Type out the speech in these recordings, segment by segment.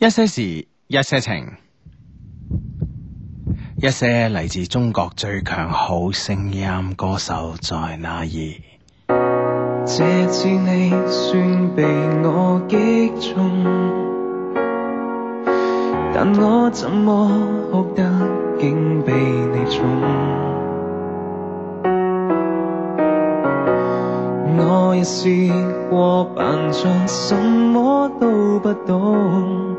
一些事，一些情，一些嚟自中國最強好聲音歌手在哪兒？這次你算被我擊中，但我怎麼哭得竟比你重？我也試過扮作什麼都不懂。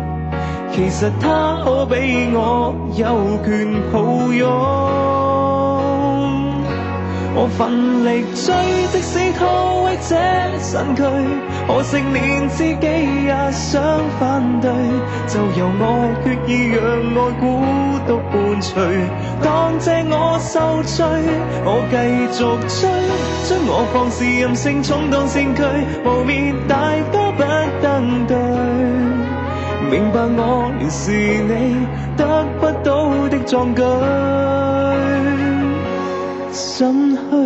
其實他可比我有權抱擁，我奮力追，即使拖累這身軀，可惜連自己也想反對，就由我決意讓愛孤獨伴隨，當借我受罪，我繼續追，將我放肆任性衝動證據，污蔑大多不登對。明白我仍是你得不到的壯舉，心虛。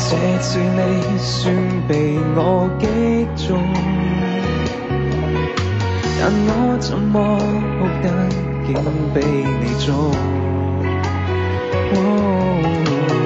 這次你算被我擊中，但我怎麼哭得竟比你重？Oh, oh, oh, oh.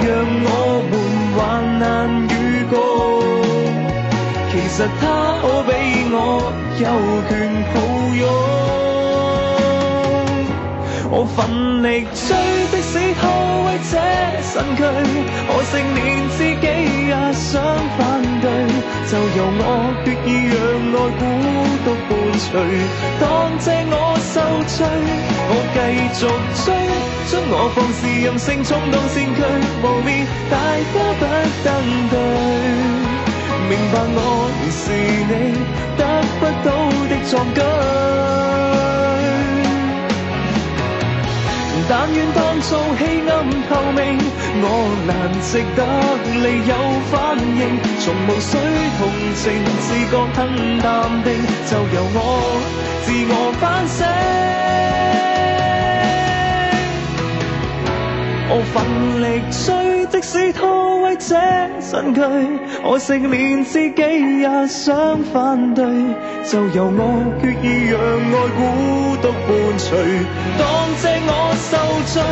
讓我們患難與共，其實他可比我有權抱擁。我奮力追的是後衞者身軀，可惜連自己也想反對，就由我決意讓愛孤獨伴隨，當借我受罪。我繼續追，將我放肆任性衝動先驅無面，大家不登對，明白我是你得不到的壯舉。但願當做棄暗透明，我難值得你有反應，從無需同情，自覺吞淡定，就由我自我反省。我奮力追，即使拖累這身軀，可惜連自己也想反對，就由我決意讓愛孤獨伴隨。當借我受罪，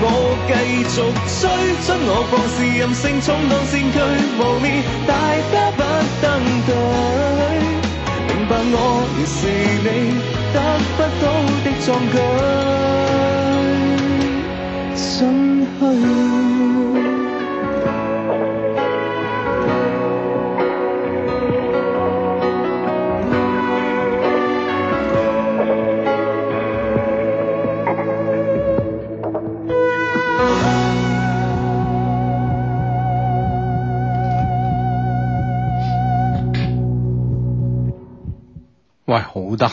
我繼續追，將我放肆任性衝到先驅。無畏大家不登對，明白我仍是你得不到的壯舉。心虛喂，好得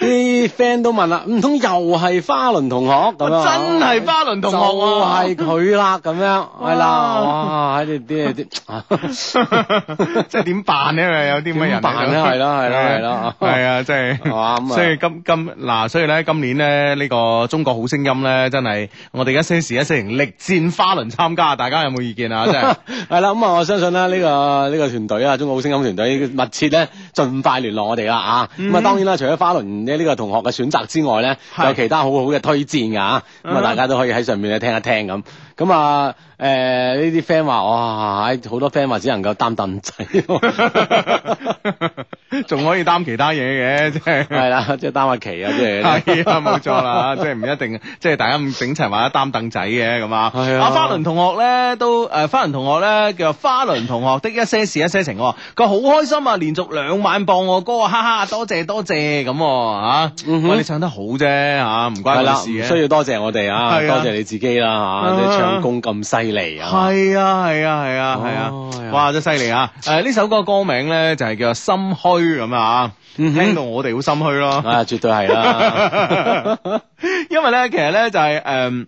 啲 friend 都問啦，唔通又係花輪同學咁真係花輪同學喎、啊，就係佢啦，咁樣係啦哇。哇，喺啲啲啲，啊、 即係點辦咧？有啲咩人辦咧？係咯，係咯，係咯，係啊！真係所以今今嗱，所以咧今年咧呢、這個中國好聲音咧，真係我哋一聲時一聲力戰花輪參加，大家有冇意見啊？真係係啦，咁啊、 嗯，我相信咧呢、這個呢、這個團隊啊，中國好聲音團隊密切咧，盡快聯絡我哋啦啊！咁啊、嗯，當然啦，除咗花輪。喺呢個同學嘅選擇之外咧，是有其他好好嘅推薦㗎。咁啊，大家都可以喺上面咧聽一聽咁。Uh huh. 嗯咁啊，誒呢啲 friend 話哇，好多 friend 話只能夠擔凳仔，仲可以擔其他嘢嘅，即係，係啦，即係擔下旗啊即係，冇錯啦，即係唔一定，即、就、係、是、大家咁整齊話一擔凳仔嘅咁啊。阿花輪同學咧都誒，花輪同學咧叫做花輪同學的一些事一些情，佢好開心啊，連續兩晚播我歌，啊，哈哈，多謝多謝咁啊，你唱得好啫吓，唔關我事唔需要多謝我哋啊，多謝你自己啦嚇，啊、 你唱。功咁犀利啊！係啊係啊係啊係啊，啊啊哦、啊哇！真犀利、 呃、啊！誒、嗯哼，呢首歌歌名咧就係叫《心虛》咁啊，聽到我哋好心虛咯，啊，絕對係啦！ 因為咧，其實咧就係誒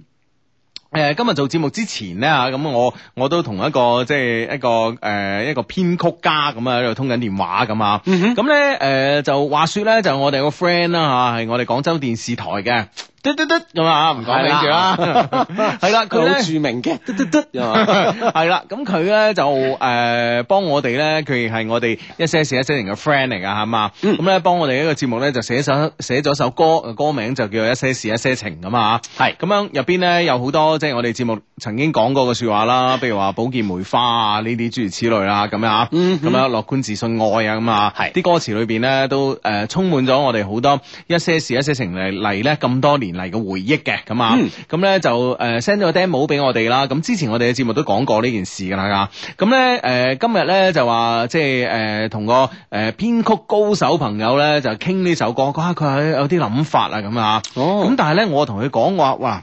誒，今日做節目之前咧吓，咁、啊、我我都同一個即係一個誒、呃、一個編曲家咁啊喺度通緊電話咁啊，咁咧誒就話說咧就我哋個 friend 啦吓，係我哋廣州電視台嘅。嘟嘟嘟咁啊，唔講你住啦，係 啦，佢好著名嘅，嘟嘟嘟，係、呃、啦，咁佢咧就誒幫我哋咧，佢係我哋一些事一些情嘅 friend 嚟噶係嘛，咁咧幫我哋呢個節目咧就寫首寫咗首歌，歌名就叫一些事一些情咁啊，係係咁樣，入邊咧有好多即係、就是、我哋節目曾經講過嘅說話啦，譬如話寶劍梅花啊呢啲諸如此類啦咁樣嚇，咁、嗯嗯、樣樂觀自信愛啊咁啊，係啲是歌詞裏邊咧都誒、呃、充滿咗我哋好多一些事一些情嚟嚟咧咁多年。嚟嘅回憶嘅咁啊，咁咧、嗯嗯、就誒 send 咗個 demo 俾我哋啦。咁之前我哋嘅節目都講過呢件事噶啦，咁咧誒今日咧就話即係誒同個誒呃、編曲高手朋友咧就傾呢首歌，佢佢、啊、有啲諗法啊咁啊，咁、嗯、但係咧我同佢講話，哇，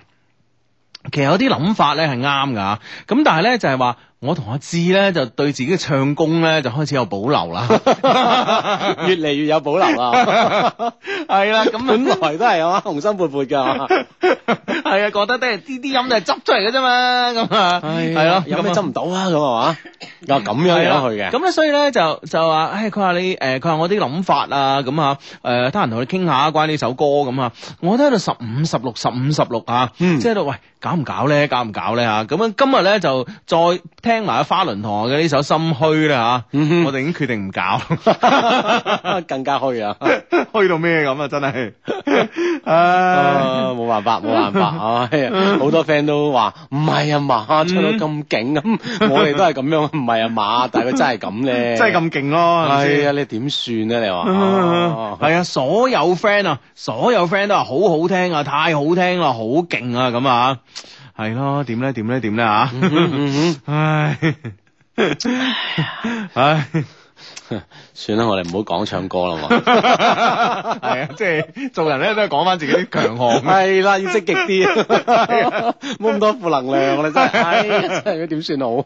其實有啲諗法咧係啱噶，咁、啊、但係咧就係、是、話。我同阿志咧就對自己嘅唱功咧就開始有保留啦， 越嚟越有保留啦， 係啦，咁 本來都係啊，雄心勃勃㗎，係啊，覺得都係啲啲音都係執出嚟嘅啫嘛，咁啊，係咯，有咩執唔到啊？咁啊嘛，啊咁樣嚟去嘅，咁咧所以咧就就話，唉，佢話你誒，佢話我啲諗法啊，咁啊，誒，得閒同你傾下關於呢首歌咁啊，我都喺度十五十六，十五十六啊，即喺度喂，搞唔搞咧？搞唔搞咧？嚇，咁樣今日咧就再。聽埋花輪同學嘅呢首心虛咧吓， 我哋已經決定唔搞， 更加虛虛 啊，虛到咩咁啊！真係，啊，冇辦法，冇辦法啊！好多 friend 都話唔係啊嘛，唱到咁勁咁，我哋都係咁樣，唔係啊嘛，但係佢真係咁咧，真係咁勁咯，係啊，你點算咧？你話係啊，所有 friend 啊，所有 friend 都話好好聽啊，太好聽啦，好勁啊，咁啊係咯，點咧？點 咧？點、哎、咧？嚇、 哎！唉，唉。 算啦，我哋唔好講唱歌啦嘛。係 啊，即係做人咧都係講翻自己啲強項。係啦， 要積極啲，冇咁多負能量 我咧真係。真係點算好？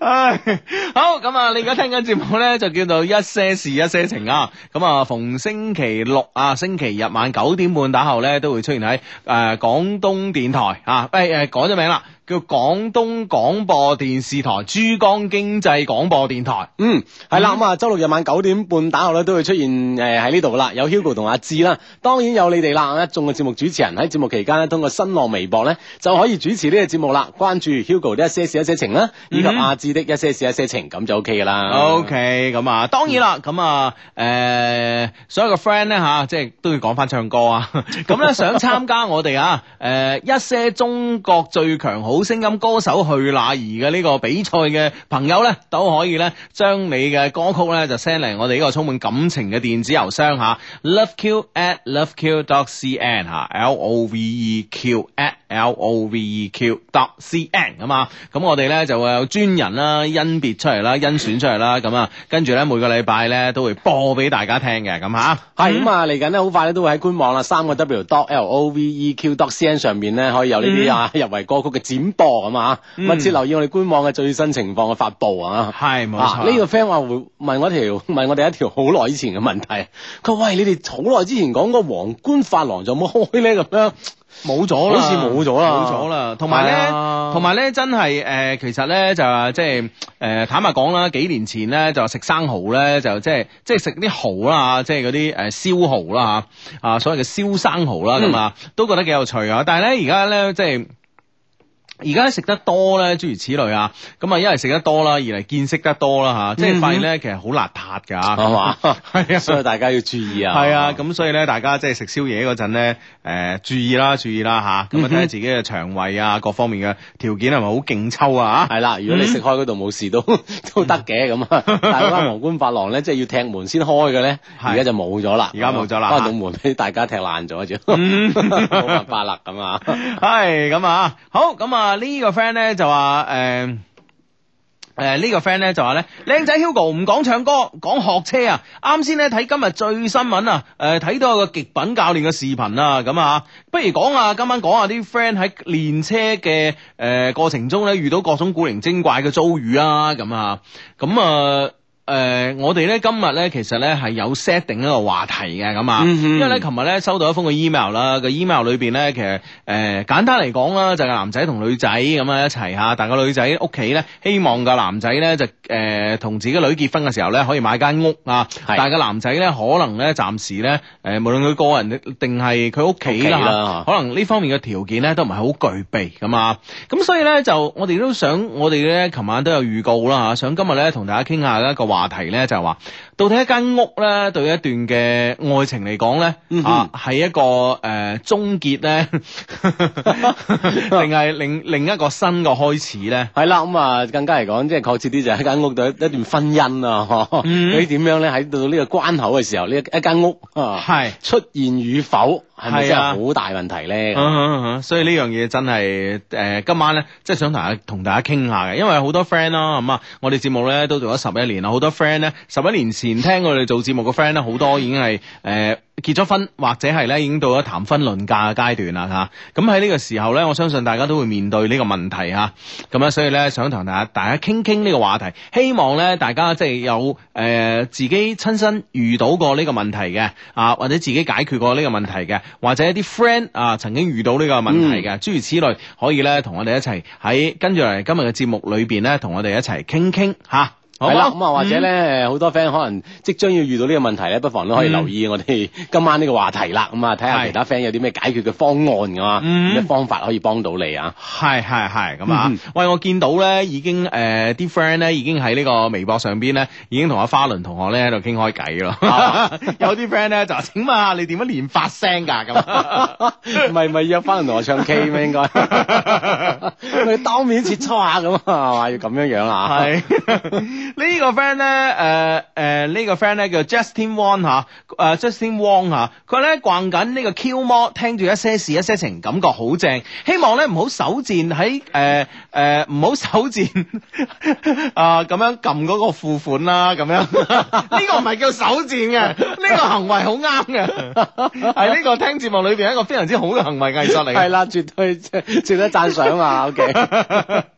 唉、 哎，好咁啊！你而家聽緊節目咧，就叫做一些事一些情啊。咁啊，逢星期六啊，星期日晚九點半打後咧，都會出現喺誒廣東電台啊。誒、啊，講、呃、咗名啦。啊啊叫廣東廣播電視台珠江經濟廣播電台。嗯，係啦，咁啊、mm，周、hmm. 六日晚九點半打後呢，都會出現誒喺呢度啦，有 Hugo 同阿志啦，當然有你哋啦，一眾嘅節目主持人喺節目期間呢，通過新浪微博呢就可以主持呢個節目啦。關注 Hugo 的一些事一些情啦，以及阿志的一些事一些情，咁、mm hmm. 就、mm hmm. 嗯、OK 噶啦。OK，咁啊，當然啦，咁、mm hmm. 啊，誒、啊，所有嘅 friend 呢，吓，即係都要講翻唱歌啊。咁呢，想參加我哋啊，誒、啊啊，一些中國最強好。好聲音歌手去哪兒嘅呢個比賽嘅朋友呢，都可以呢將你嘅歌曲呢，就 send 嚟我哋呢個充滿感情嘅電子郵箱吓、啊、，loveq at loveq dot cn 吓，l o v e q at l o v e q dot c n 啊咁、e e 啊、我哋呢，就會有專人啦甄別出嚟啦，甄選出嚟啦，咁啊，跟住呢，每個禮拜呢，都會播俾大家聽嘅，咁吓係咁啊嚟緊、嗯嗯啊、呢，好快呢，都會喺官網啦，三個 w dot l o v e q dot c n 上面呢，可以有呢啲啊入圍歌曲嘅展、嗯。播啊嘛，密切留意我哋官網嘅最新情況嘅發布啊，啊，啊！係冇錯。呢個 friend 話會問我條問我哋一條好耐以前嘅問題，佢話喂，你哋好耐之前講個皇冠髮廊就冇開咧，咁樣冇咗啦，好似冇咗啦，冇咗啦。同埋咧，同埋咧，真係誒、呃，其實咧就即係誒，坦白講啦，幾年前咧就食生蠔咧，就即係即係食啲蠔啦即係嗰啲誒燒蠔啦吓啊，所謂嘅燒生蠔啦咁啊，嗯、都覺得幾有趣啊！但係咧而家咧即係。即即而家食得多咧，諸如此類啊，咁啊，一係食得多啦，二嚟見識得多啦嚇，即係發現咧，其實好邋遢㗎嚇，係嘛？係啊，所以大家要注意啊。係啊，咁所以咧，大家即係食宵夜嗰陣咧，誒注意啦，注意啦嚇，咁啊睇下自己嘅腸胃啊，各方面嘅條件係咪好勁抽啊嚇？係啦，如果你食開嗰度冇事都都得嘅，咁啊，但係嗰皇冠發廊咧，即係要踢門先開嘅咧，而家就冇咗啦，而家冇咗啦，到門俾大家踢爛咗咗，冇辦法啦咁啊，係咁啊，好咁啊。個呢、呃呢個 friend 咧就話誒誒，呢個 friend 咧就話咧，靚仔 Hugo 唔講唱歌，講學車啊！啱先咧睇今日最新聞啊，誒、呃、睇到有個極品教練嘅視頻啊，咁啊，不如講下今晚講下啲 friend 喺練車嘅誒、呃、過程中咧，遇到各種古靈精怪嘅遭遇啊，咁啊，咁啊。誒、呃、我哋咧今日咧，其實咧係有 set 定一個話題嘅，咁啊，嗯、哼因為咧琴日咧收到一封嘅 email 啦，個 email 裏邊咧其實誒、呃、簡單嚟講啦，就係男仔同女仔咁啊一齊吓，但個女仔屋企咧希望個男仔咧就誒同自己女結婚嘅時候咧可以買間屋啊，是但係個男仔咧可能咧暫時咧誒無論佢個人定係佢屋企啦，可能呢，呢、呃、可能方面嘅條件咧都唔係好具備咁啊，咁所以咧就我哋都想我哋咧琴晚都有預告啦，吓想今日咧同大家傾下一個話。話題咧就係話，到底一間屋咧對一段嘅愛情嚟講咧，嗯、啊係一個誒、呃、終結咧，定係另另一個新嘅開始咧？係啦，咁啊更加嚟講即係確切啲就係、是、一間屋對一,一段婚姻啊，咁點樣咧？喺到呢個關口嘅時候，呢一間屋啊，係出現與否係咪真係好大問題咧？啊 uh, 所以呢樣嘢真係誒今晚咧，即係想同大家傾下嘅，因為好多 friend 啦，咁啊，我哋節目咧都做咗十一年啦，好多 friend 咧十一年前。年聽我哋做節目嘅 friend 咧，好多已經係誒、呃、結咗婚，或者係咧已經到咗談婚論嫁嘅階段啦吓。咁喺呢個時候咧，我相信大家都會面對呢個問題吓。咁啊，所以咧想同大家大家傾傾呢個話題，希望咧大家即係有誒、呃、自己親身遇到過呢個問題嘅啊，或者自己解決過呢個問題嘅，或者一啲 friend 啊曾經遇到呢個問題嘅，諸、嗯、如此類，可以咧同我哋一齊喺跟住嚟，今日嘅節目裏邊咧，同我哋一齊傾傾吓。啊係啦，咁啊或者咧，誒好多 friend 可能即將要遇到呢個問題咧，不妨都可以留意我哋今晚呢個話題啦，咁啊睇下其他 friend 有啲咩解決嘅方案噶嘛，咩方法可以幫到你啊？係係係，咁啊，喂，我見到咧已經誒啲 friend 咧已經喺呢個微博上邊咧，已經同阿花輪同學咧喺度傾開偈咯。有啲 friend 咧就話請問下你點樣連發聲噶咁？唔係咪約花輪同學唱 K 咩？應該，佢當面切磋下咁啊，話要咁樣樣啊？係。呢個、呃呃呢個 friend 咧，誒誒，呢個 friend 咧叫 Justin Wong 吓，誒 Justin Wong 吓，佢咧逛緊呢個 Q Mall，聽住一些事一些情，感覺好正。希望咧唔好手賤喺誒誒唔好手賤 啊咁樣撳嗰個付款啦，咁樣呢 個唔係叫手賤嘅，呢 個行為好啱嘅，係 呢個聽節目裏邊一個非常之好嘅行為藝術嚟。係啦，絕對值得 讚賞啊 OK。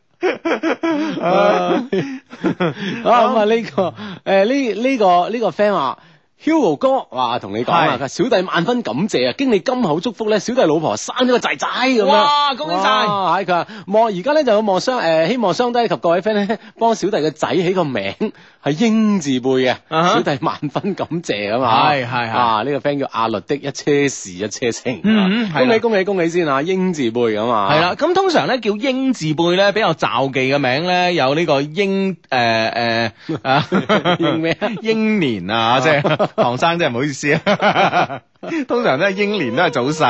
咁啊呢個誒呢呢個呢個 friend 話 hero 哥話同你講啊，小弟萬分感謝啊，經你金口祝福咧，小弟老婆生咗個仔仔咁樣，恭喜晒！係佢望而家咧就望雙誒，希望雙低及各位 friend 咧幫小弟嘅仔起個名。 係英字輩嘅，小弟萬分感謝啊嘛，係係啊呢、這個 friend 叫阿律的一些事一些情，恭喜恭喜恭喜先啊，啊、呃呃、啊，啊！英字輩咁啊，係啦。咁通常咧叫英字輩咧比較撞忌嘅名咧，有呢個英誒誒英咩英年啊，即、就、係、是、唐生，真係唔好意思啊。通常咧英年都係早逝。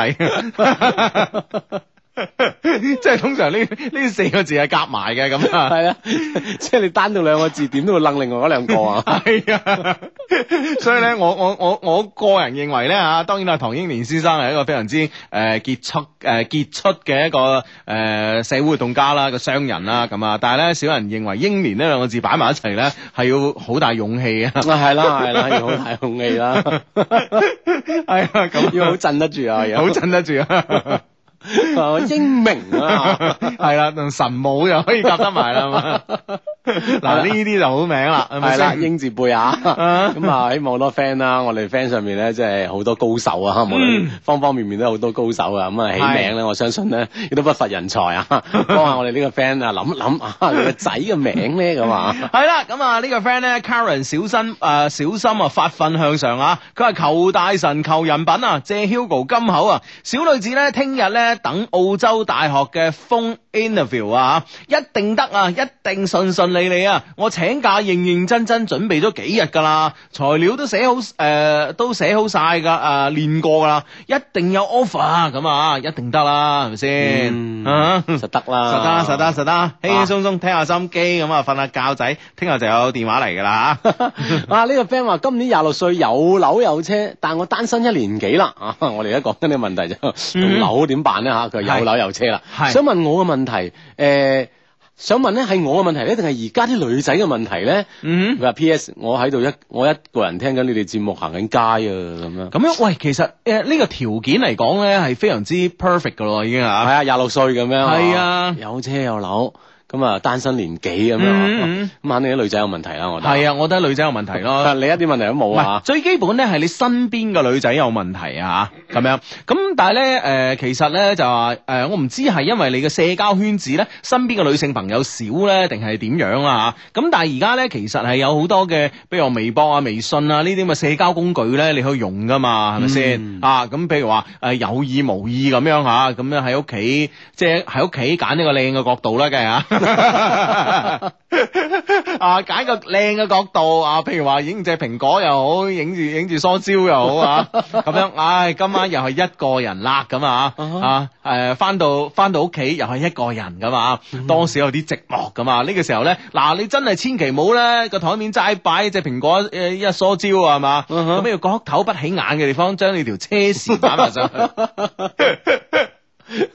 即係通常呢呢 四個字係夾埋嘅咁啊，係啊，即係你單到兩個字點都會楞另外嗰兩個啊。係啊，所以咧，我我我我個人認為咧啊，當然啦，唐英年先生係一個非常之誒傑出誒傑出嘅一個誒、呃、社會動家啦，個商人啦咁啊。但係咧，小人認為英年呢兩個字擺埋一齊咧，係要好大勇氣 啊。係啦係啦，要好大勇氣啦。係啊，要好震得住啊，要好震得住啊。啊，英明啊，係啦，用神母又可以夾得埋啦嘛。嗱，呢啲就好名啦，係啦，英字輩啊。咁啊，希望好多 friend 啦，我哋 friend 上面咧，即係好多高手啊，無論方方面面都有好多高手啊。咁啊，起名咧，我相信咧亦都不乏人才啊。幫下我哋呢個 friend 啊，諗一諗啊，你個仔嘅名咧咁啊。係啦，咁啊，呢個 friend 咧，Karen，小心，誒，小心啊，發奮向上啊。佢係求大神，求人品啊，借 Hugo 金口啊。小女子咧，聽日咧。等澳洲大學嘅 phone interview 啊，一定得啊，一定順順利利啊！我請假認認真真準備咗幾日噶啦，材料都寫好誒，都寫好晒噶誒，練過啦，一定有 offer 啊！咁啊，一定得啦，係咪先？實得啦，實得實得實得，輕輕鬆鬆聽下心機，咁啊瞓下覺仔，聽日就有電話嚟噶啦吓！哇，呢個 friend 話今年廿六歲，有樓有車，但我單身一年幾啦啊！我哋而家講緊呢個問題就樓點辦？咧嚇佢有樓有車啦是、呃，想問我嘅問題，誒想問咧係我嘅問題咧，定係而家啲女仔嘅問題咧？嗯、hmm.，佢話 P.S. 我喺度一我一個人聽緊你哋節目，行緊街啊咁樣。咁樣喂，其實誒呢、呃呢個條件嚟講咧係非常之 perfect 嘅咯，已經嚇。係啊，廿六歲咁樣，係啊，有車有樓。咁啊，單身年紀咁樣，咁肯定啲女仔有問題啦。我係啊，我覺得女仔有問題咯。但 你一啲問題都冇啊？最基本咧係你身邊嘅女仔有問題啊咁樣。咁 但係咧誒，其實咧就話誒、呃，我唔知係因為你嘅社交圈子咧，身邊嘅女性朋友少咧，定係點樣啊？咁但係而家咧，其實係有好多嘅，比如話微博啊、微信啊呢啲咁嘅社交工具咧，你可以用噶嘛，係咪先？嗯、啊，咁譬如話誒、呃、有意無意咁樣吓，咁樣喺屋企即係喺屋企揀呢個靚嘅角度啦，梗係啊。 啊，揀個靚嘅角度啊，譬如話影隻蘋果又好，影住影住梳蕉又好啊，咁樣，唉、哎，今晚又係一個人啦咁啊，啊，誒、啊，翻到翻到屋企又係一個人噶嘛、啊，當時有啲寂寞噶嘛，呢、啊這個時候咧，嗱、啊，你真係千祈唔好咧個台面齋擺隻蘋果誒、呃，一梳蕉啊嘛，咁、啊啊、要岌頭不起眼嘅地方將你條車匙擺埋上去。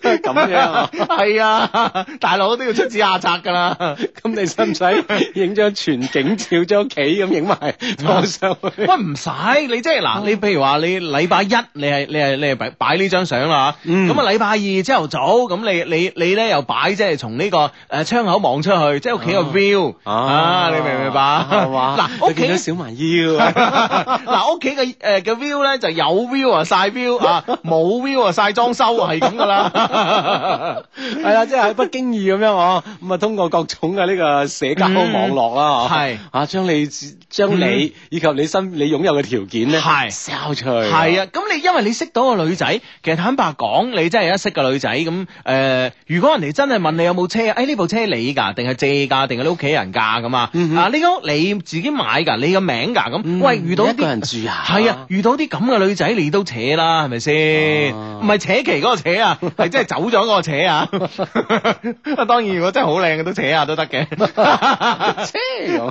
咁樣係啊，大佬都要出此下策噶啦。咁你使唔使影張全景照張屋企咁影埋放上去？喂，唔使，你即係嗱，你譬如話你禮拜一你係你係你係擺擺呢張相啦吓。咁啊禮拜二朝頭早咁你你你咧又擺即係從呢個誒窗口望出去，即係屋企個 view 啊，你明唔明白啊？嗱，屋企小蠻腰。嗱，屋企嘅誒嘅 view 咧就有 view 啊晒 view 啊，冇 view 啊晒裝修啊係咁噶啦。係啊， 即係不經意咁樣哦。咁 啊，通過各種嘅呢個社交網絡啦，係、嗯、啊，將你將你以及你身你擁有嘅條件咧，係、嗯、show 是出去。係啊，咁你因為你識到個女仔，其實坦白講，你真係一識個女仔咁。誒、呃，如果人哋真係問你有冇車，誒、哎、呢部車你噶，定係借噶，定係你屋企人噶咁啊？呢個、嗯哼啊、你自己買噶，你個名噶，咁、嗯、喂遇到一,、嗯、一個人住啊，係啊，遇到啲咁嘅女仔你都扯啦，係咪先？唔係、啊、扯旗嗰個扯啊！係真係走咗個扯啊！ 當然如果真係好靚嘅都扯下都得嘅，扯 癡，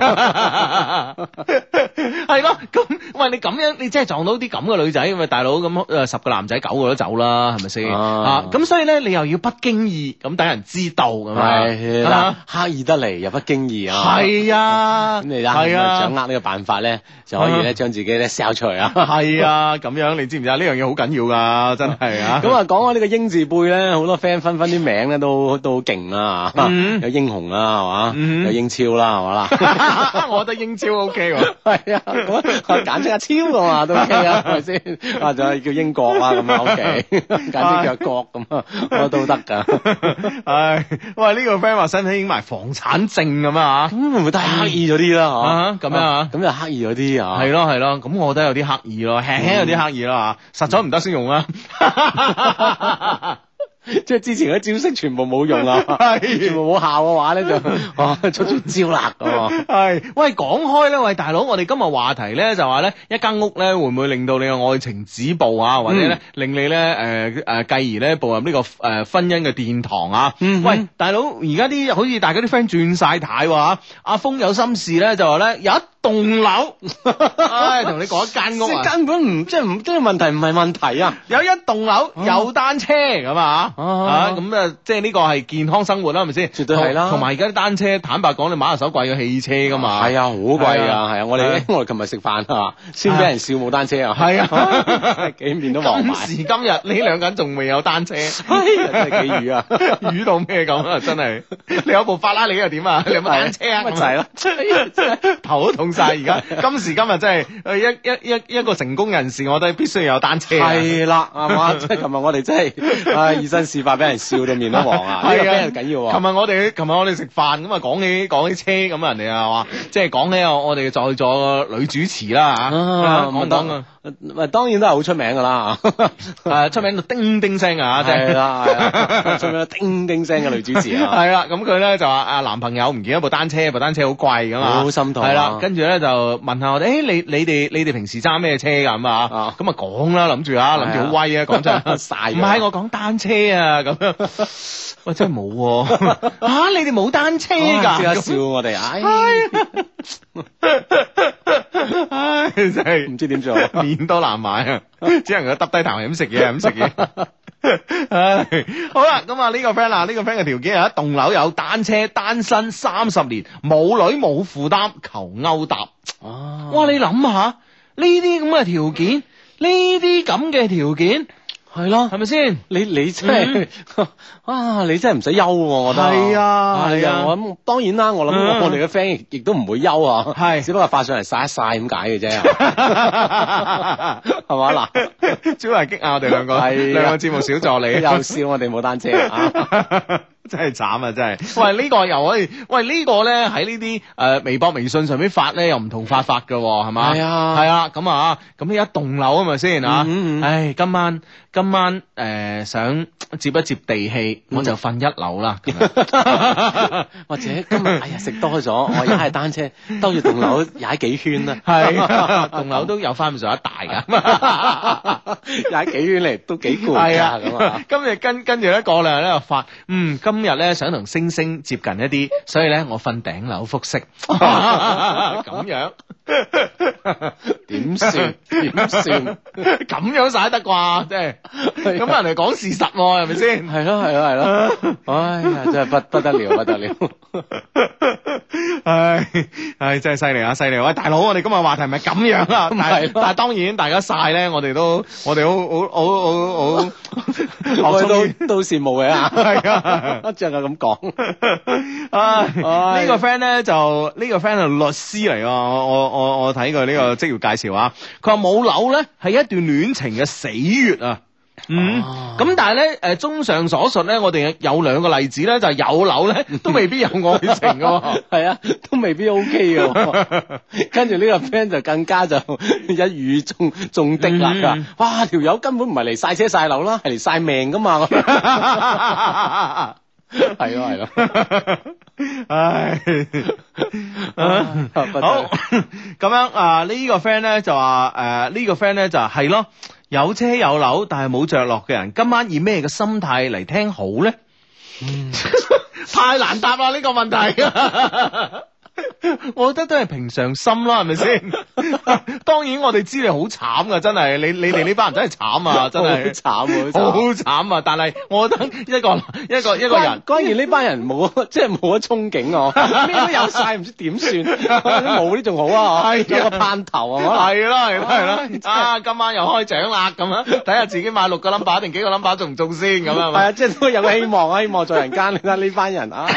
係咯咁，喂你咁樣你真係撞到啲咁嘅女仔，咪大佬咁十個男仔九個都走啦，係咪先啊？咁所以咧你又要不經意咁等人知道咁樣，係啦，刻、啊、意、啊、得嚟又不經意啊，係啊，咁你啱掌握呢個辦法咧，就可以咧將自己咧 sell 出嚟 啊，係啊，咁樣你知唔知啊？呢樣嘢好緊要㗎，真係啊！咁啊講開呢個英字。背咧，好多 friend 分分啲名咧、啊嗯，都都好勁啦，有英雄啦、啊，係嘛，嗯、有英超啦、啊，係咪啦？我覺得英超 OK，係啊，咁簡稱阿超噶嘛，都 OK 啊，係咪先？仲係叫英國啊，咁啊 OK，簡稱叫國咁啊，都得噶。唉，哇，呢個 friend 話身體影埋房產證咁啊，咁會唔會得刻意咗啲啦？吓咁樣啊，咁就刻意咗啲啊？係咯係咯，咁我覺得有啲刻意咯，輕輕有啲刻意咯吓，實在唔得先用啦。這個即係 之前嘅招式全部冇用啊， 全部冇效嘅話咧就哇 出，出招招啦咁係， 喂講開咧喂大佬，我哋今日話題咧就話咧一間屋咧會唔會令到你嘅愛情止步啊，或者咧令你咧誒誒繼而咧步入呢、這個誒、呃、婚姻嘅殿堂啊？ 喂大佬，而家啲好似大家啲 friend 轉晒軚喎，阿峰有心事咧就話咧一。棟洞樓， 唉，同你講一間屋啊，根本唔，即係唔，即係問題唔係問題啊！ 有一棟樓有單車咁啊，咁 啊，即係呢個係健康生活啦，係咪先？絕對係啦，同埋而家啲單車，坦白講，你買下手貴嘅汽車噶嘛？係啊，啊，好貴啊，係啊，我哋我哋琴日食飯啊，先俾人笑冇單車啊，係啊，幾年都冇。今時今日呢兩個人仲未有單車，真係幾瘀啊，瘀到咩咁啊？真 係， 你有部法拉利又點啊？你冇單車咪齊咯，頭都痛。而家今時今日真係一一一一個成功人士，我都必須要有單車。係啦，係嘛？即係琴日我哋真係以身試法，俾人笑到面都黃啊！係，緊要喎。琴日我哋，琴日我哋食飯咁啊，講起講起車咁人哋啊話，即係講起我我哋在座女主持啦嚇，唔得，當然都係好出名㗎啦，出名到叮叮聲啊！係啦，出名到叮叮聲嘅女主持啊！係啦，咁佢咧就話啊男朋友唔見一部單車，部單車好貴㗎嘛，好心痛係啦，跟住咧就問下我哋，誒、欸，你你哋你哋平時揸咩車噶咁啊？咁啊講啦，諗住啊，諗住好威啊，講真晒。唔係我講單車啊，咁我、哎、真係冇啊，啊！你哋冇單車噶、哎？笑，笑我哋，唉、哎，唉、 哎，真係唔知點做，面都難買啊！只能夠耷低頭咁食嘢，咁食嘢、 哎。好啦，咁啊呢個 friend 啊，呢、這個 friend 嘅條件係一棟樓有單車，單身三十年，冇女冇負擔，求歐。答，哇！你諗下呢啲咁嘅條件，呢啲咁嘅條件，係咯，係咪先？你你真係啊！你真係唔使憂，我覺得係啊，係啊。我諗當然啦，我諗我哋嘅 friend 亦都唔會憂啊，係，只不過發上嚟晒一晒咁解嘅啫，係嘛？嗱，主要係激下我哋兩個，兩個節目小助理，又笑我哋冇單車啊。真係慘啊！真係 喂呢、這個又可以喂、這個、呢個咧，喺呢啲誒微博微信上邊發咧，又唔同發法嘅喎、哦，係嘛？係是啊，啊，係啊，咁啊咁咁一棟樓啊嘛先嚇，嗯嗯嗯唉，今晚。今晚誒、呃、想接一接地氣，我就瞓一樓啦。 或者今日哎呀食多咗，我踩單車兜住棟樓踩幾圈啦。係啊，棟樓都有翻唔上一大㗎。踩 幾圈嚟都幾攰㗎。今日跟跟住咧過兩日咧就發，嗯，今日咧想同星星接近一啲，所以咧我瞓頂樓複式。咁、 啊、樣點 算？點算？咁樣曬得啩，即係。咁人哋講事實喎、啊，係咪先？係咯係咯係咯，唉、哎，真係不得了不得了，唉，係、 哎哎、真係犀利啊犀利！喂、啊哎，大佬，我哋今日話題咪咁樣啊？但係當然大家晒咧，我哋都我哋好好好好好，我都都羨慕嘅啊，一 仗、哎呀 哎這個、就咁講啊！呢、這個 friend 咧就呢個 friend 係律師嚟噶，我我我我睇過呢個職業介紹啊，佢話冇樓咧係一段戀情嘅死穴啊！嗯，咁但係咧，誒，綜上所述咧，我哋有有兩個例子咧，就係、是、有樓咧都未必有愛情嘅，係、嗯、 啊，都未必 OK 嘅。 跟住呢個 friend 就更加就 一語中中的、 這個、浪浪啦，哇，條友根本唔係嚟晒車晒樓啦，係嚟晒命噶嘛，係咯係咯，唉，好，咁、 嗯、 樣啊呢、這個 friend 咧就話，誒、啊、呢、這個 friend 咧就係咯。啊那個有車有樓但係冇着落嘅人，今晚以咩嘅心態嚟聽好咧？嗯、 太難答啦呢個問題。 我覺得都係平常心啦，係咪先？當然我哋知你好慘噶，真係你你哋呢班人真係慘啊，真係慘，好慘啊！但係我覺得一個一個一個人，關鍵呢班人冇，即係冇咗憧憬，啊。咩都有晒，唔知點算冇啲仲好啊？係有個盼頭係嘛？係啦係啦，啊今晚又開獎啦咁啊，睇下自己買六個 number 定幾個 number 中唔中先咁啊？係啊，即係都有個希望，希望在人間，你睇下啦呢班人啊，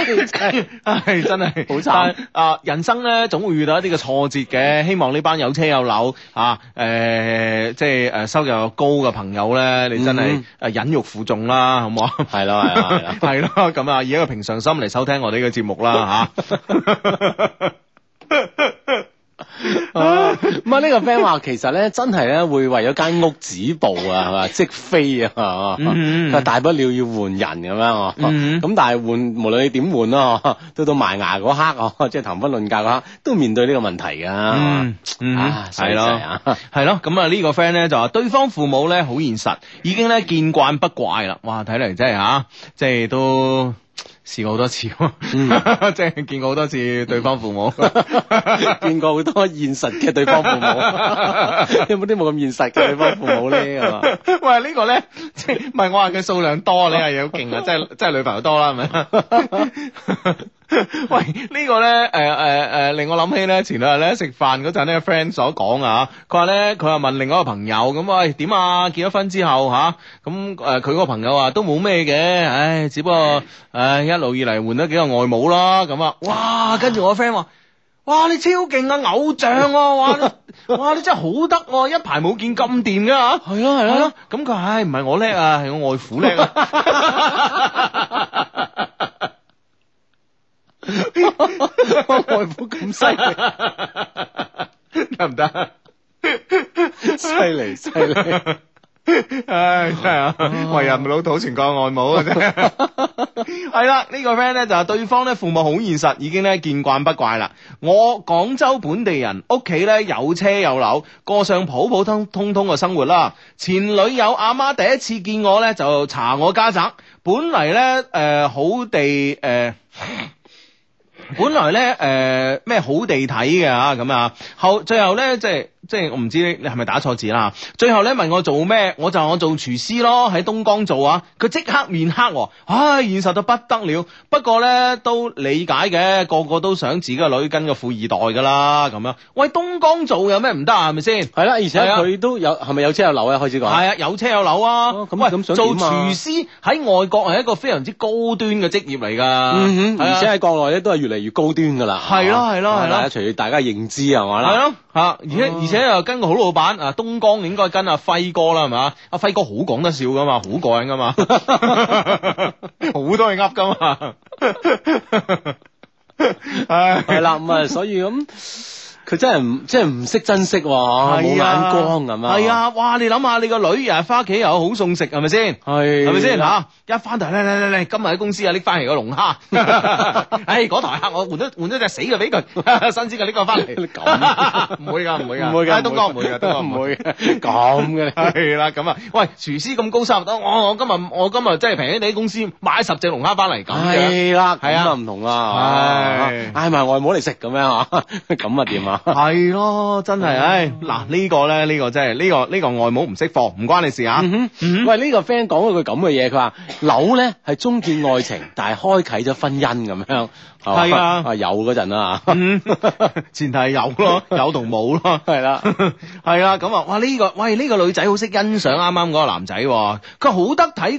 真係好慘人生咧，總會遇到一啲嘅挫折嘅。希望呢班有車有樓吓誒，即係誒、呃、收入高嘅朋友咧，你真係誒忍辱負重啦，好唔好？係咯，係啦，係啦，係啦。咁啊， 以一個平常心嚟收聽我哋嘅節目啦，吓。 啊，咁啊呢個 friend 話其實咧真係咧會為咗間屋止步啊，係嘛？即飛啊，但大不了要換人咁樣哦。咁、啊嗯嗯、但係換，無論你點換啦，到到埋牙嗰刻哦、啊，即係談婚論嫁嗰刻都面對呢個問題噶、啊嗯。嗯，係咯、啊，係咯。咁 啊呢、啊、個 friend 咧就話對方父母咧好現實，已經咧見慣不怪啦。哇，睇嚟真係吓、啊，即係都。試過好多次，嗯，即係見過好多次對方父母， 見過好多現實嘅對方父母， 有冇啲冇咁現實嘅對方父母咧？係嘛？喂，這個、呢個咧，即係唔係我話佢數量多， 你係有勁啊！即係即係女朋友多啦，係咪？ 喂，這個、呢個咧，誒誒誒，令我諗起咧，前兩日咧食飯嗰陣咧，friend 所講啊，佢話咧，佢又問另外一個朋友，咁、嗯、喂，點、哎、啊？結咗婚之後吓，咁、啊、誒，佢、嗯、個、呃、朋友話都冇咩嘅，唉、哎，只不過誒、呃、一路以嚟換咗幾個外母啦，咁啊，哇，跟住我個 friend 話，哇，你超勁啊，偶像啊，哇， 哇，你真係好得喎、啊，一排冇見咁掂嘅吓，係咯係咯，咁佢，唉，唔係我叻啊，係我外父叻。 外母咁犀利得唔得？犀利犀利！唉， 真係、 哎哎、啊，為人老土，全靠外母嘅啫。係 啦， 這個、呢個 friend 咧就係、是、對方咧父母好現實，已經咧見慣不怪啦。我廣州本地人，屋企咧有車有樓，過上普普通通通嘅生活啦。前女友阿媽第一次見我咧就查我家宅，本嚟咧誒好地誒。呃呃呃本來咧，誒、呃、咩好地睇嘅吓，咁啊，後最後咧，即係。即係我唔知你係咪打錯字啦。最後咧問我做咩，我就我做廚師咯，喺東江做啊。佢即刻面黑我，唉，現實到不得了。不過咧都理解嘅，個個都想自己個女跟個富二代噶啦咁樣。喂，東江做有咩唔得啊？係咪先？係啦，而且佢啦都有係咪有車有樓啊？開始講係啊，有車有樓啊。咁、啊嗯啊、喂，咁想做廚師喺外國係一個非常之高端嘅職業嚟噶，嗯、哼啦而且喺國內咧都係越嚟越高端噶啦。係咯係咯係咯，隨住大家認知啊嘛。係咯。 吓，啊、而且、啊、而且又跟個好老闆啊，東江應該跟阿輝哥啦，係嘛？阿、啊、輝哥好講得笑噶嘛，好過癮噶嘛， 好多嘢，呃噶嘛，係 啦唉，咁啊， 所以咁。嗯佢真係唔，真係唔識珍惜，冇眼光，係嘛？係啊，哇！你諗下，你個女日日翻屋企又有好餸食，係咪先？係，係咪先？吓一翻台，嚟嚟嚟嚟，今日喺公司啊拎翻嚟個龍蝦，唉，嗰台客，我換咗換咗隻死嘅俾佢，新鮮嘅拎個翻嚟，唔會噶，唔會噶，唔會噶，東哥唔會噶，東哥唔會咁嘅，係啦，咁啊，喂，廚師咁高收入，我我今日我今日真係平起，你喺公司買十隻龍蝦翻嚟咁樣，係啦，係啊，唔同啦，係，嗌埋外母嚟食咁樣啊，咁啊點啊？係咯， 真係，唉、哎，嗱、這個、呢個咧，呢、這個真係呢、這個呢、這個外母唔識貨，唔關你事啊、 嗯。喂，這個、呢個 friend 講咗句咁嘅嘢，佢話樓咧係終結愛情，但係開啟咗婚姻咁樣。係啊、哦、啊，有嗰陣啦， 前提有咯，有同冇咯，係啦，係啦，咁啊，哇呢、這個，喂呢、這個女仔好識欣賞，啱啱嗰個男仔，佢、欸、好得睇啩，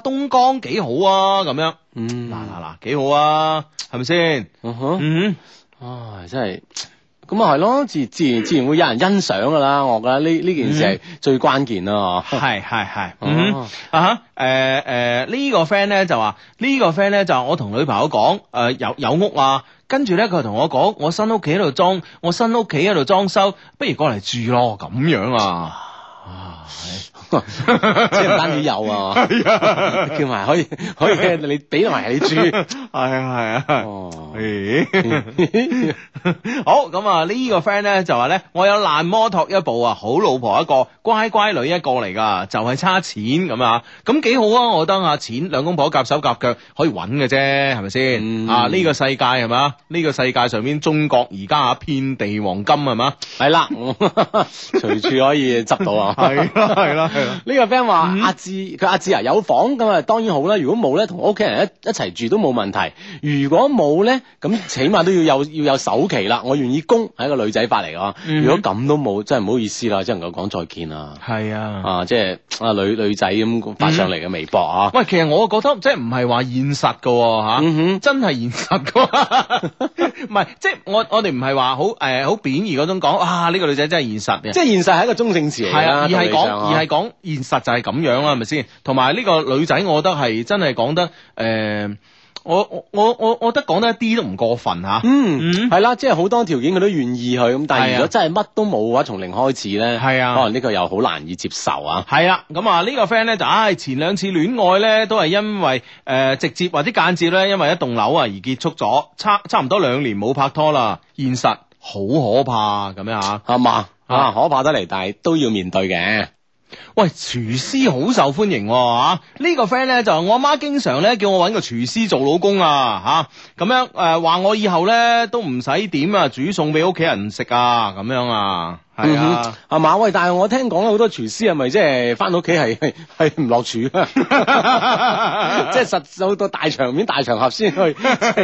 東江幾好啊，咁樣，嗱嗱嗱，幾好啊，係咪先？嗯唉，真係。啊真咁啊，係咯，自自然自然會有人欣賞噶啦，我覺得呢呢件事係最關鍵咯，係係係， 嗯啊吓，誒誒呢個 friend 咧就話呢、呢個 friend 咧就我同女朋友講，誒、呃、有有屋啊，呢跟住咧佢同我講，我新屋企喺度裝，我新屋企喺度裝修，不如過嚟住咯，咁樣啊。啊！ 即係唔單止有啊， 叫埋可以可以你俾埋你住，係啊係啊哦。好，咁啊呢個 friend 咧就話咧，我有爛摩托一部啊，好老婆一個，乖乖女一個嚟噶，就係、是、差錢咁啊。咁幾好啊，我覺得啊錢兩公婆夾手夾腳可以搵嘅啫，係咪先啊？呢、這個世界係嘛？呢、這個世界上邊中國而家啊遍地黃金係嘛？係啦，隨處可以執到啊！係 啦， 係啦、嗯，係啦、啊。呢個 friend 話阿志，佢阿志啊，智啊，智啊有房咁啊，當然好啦。如果冇咧，同屋企人一一齊住都冇問題。如果冇咧，咁起碼都要有要有首期啦。我願意供係一個女仔發嚟㗎。嗯、如果咁都冇，真係唔好意思啦，只能夠講再見啦。係啊，啊即係啊女女仔咁發上嚟嘅微博、嗯、啊。喂，其實我覺得即係唔係話現實嘅嚇，啊嗯、哼真係現實嘅。唔 係 即係我我哋唔係話好誒好貶義嗰種講，哇呢、呢個女仔真係現實嘅，即係現實係一個中性詞嚟㗎。而係講，啊、而係講現實就係咁樣啦，係咪先？同埋呢個女仔、呃，我覺得係真係講得，誒，我我我我覺得講得一啲都唔過分吓。啊、嗯，係、嗯、啦，即係好多條件佢都願意去，咁但係如果真係乜都冇嘅話，從零開始咧，啊、可能呢個又好難以接受啊。係啦、啊，咁啊、這個、呢個 friend 咧就唉，前兩次戀愛咧都係因為誒、呃、直接或者間接咧，因為一棟樓啊而結束咗，差差唔多兩年冇拍拖啦。現實好可怕咁樣吓、啊，係嘛？啊，可怕得嚟，但係都要面對嘅。喂，廚師好受歡迎、啊，吓、啊這個、呢個 friend 咧就係、是、我阿媽，經常咧叫我搵個廚師做老公啊，吓、啊、咁樣誒，話、呃、我以後咧都唔使點啊，煮餸俾屋企人食啊，咁樣啊，係啊，啊嘛喂，但係我聽講好多廚師係咪即係翻到屋企係係唔落廚？啊。 即係實走到大場面、大場合先去，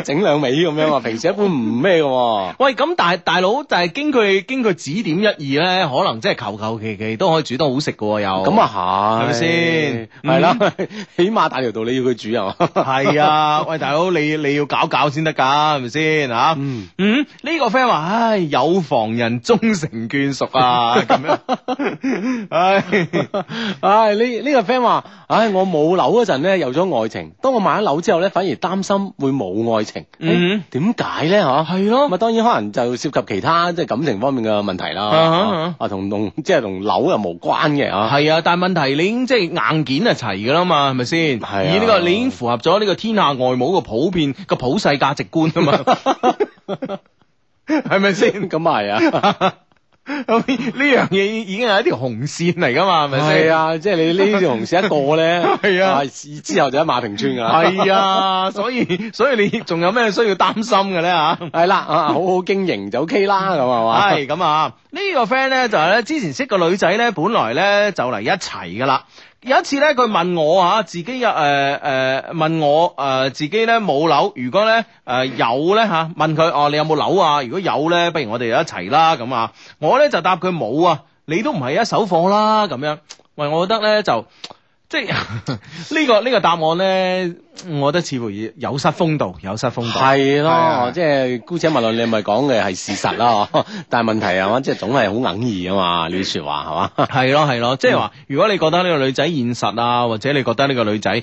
整兩味咁樣啊！平時一般唔咩嘅。喂，咁大大佬，但係經佢經佢指點一二咧，可能真係求求其其都可以煮得好食嘅。又咁啊，係咪先？係啦，起碼大條道理你要佢煮又。係啊，喂大佬，你你要搞搞先得噶，係咪先？啊，嗯，呢個 friend 話，唉，有房人終成眷屬啊！咁樣，唉唉，呢呢個 friend 話，唉，我冇樓嗰陣咧，有咗外情，當我買咗樓之後咧，反而擔心會冇愛情，點解咧吓？係咯，咪是、啊、當然可能就涉及其他即係感情方面嘅問題啦。是啊，啊，同同即係同樓又無關嘅啊。係啊，但係問題你已經即係硬件啊齊噶啦嘛，係咪先？係是、啊這個，呢個你已經符合咗呢個天下外母嘅普遍個普，普世價值觀啊嘛，係咪先？咁係啊。咁呢樣嘢已經係一條紅線嚟噶嘛，係咪先？係啊，即係你呢條紅線一過咧，係 啊，之後就一馬平川噶啦。係 啊，所以所以你仲有咩需要擔心嘅咧吓？係 啦、 啊，啊，好好經營就 OK 啦，咁啊嘛。係咁啊，這個、呢個 friend 咧就係咧之前識個女仔咧，本來咧就嚟一齊噶啦。有一次咧，佢問我吓，自己嘅誒誒問我誒、呃、自己咧冇樓，如果咧誒、呃、有咧吓，問佢哦，你有冇樓啊？如果有咧，不如我哋一齊啦咁啊！我咧就答佢冇啊，你都唔係一手貨啦咁樣。喂，我覺得咧就即係呢、 呢個呢、呢個答案咧。我覺得似乎有失風度，有失風度。係咯，即係姑且勿論你，咪講嘅係事實咯？但係問題係嘛，即係總係好揞義啊嘛！呢啲説話係嘛？係咯係咯，即係話，如果你覺得呢個女仔現實啊，或者你覺得呢個女仔誒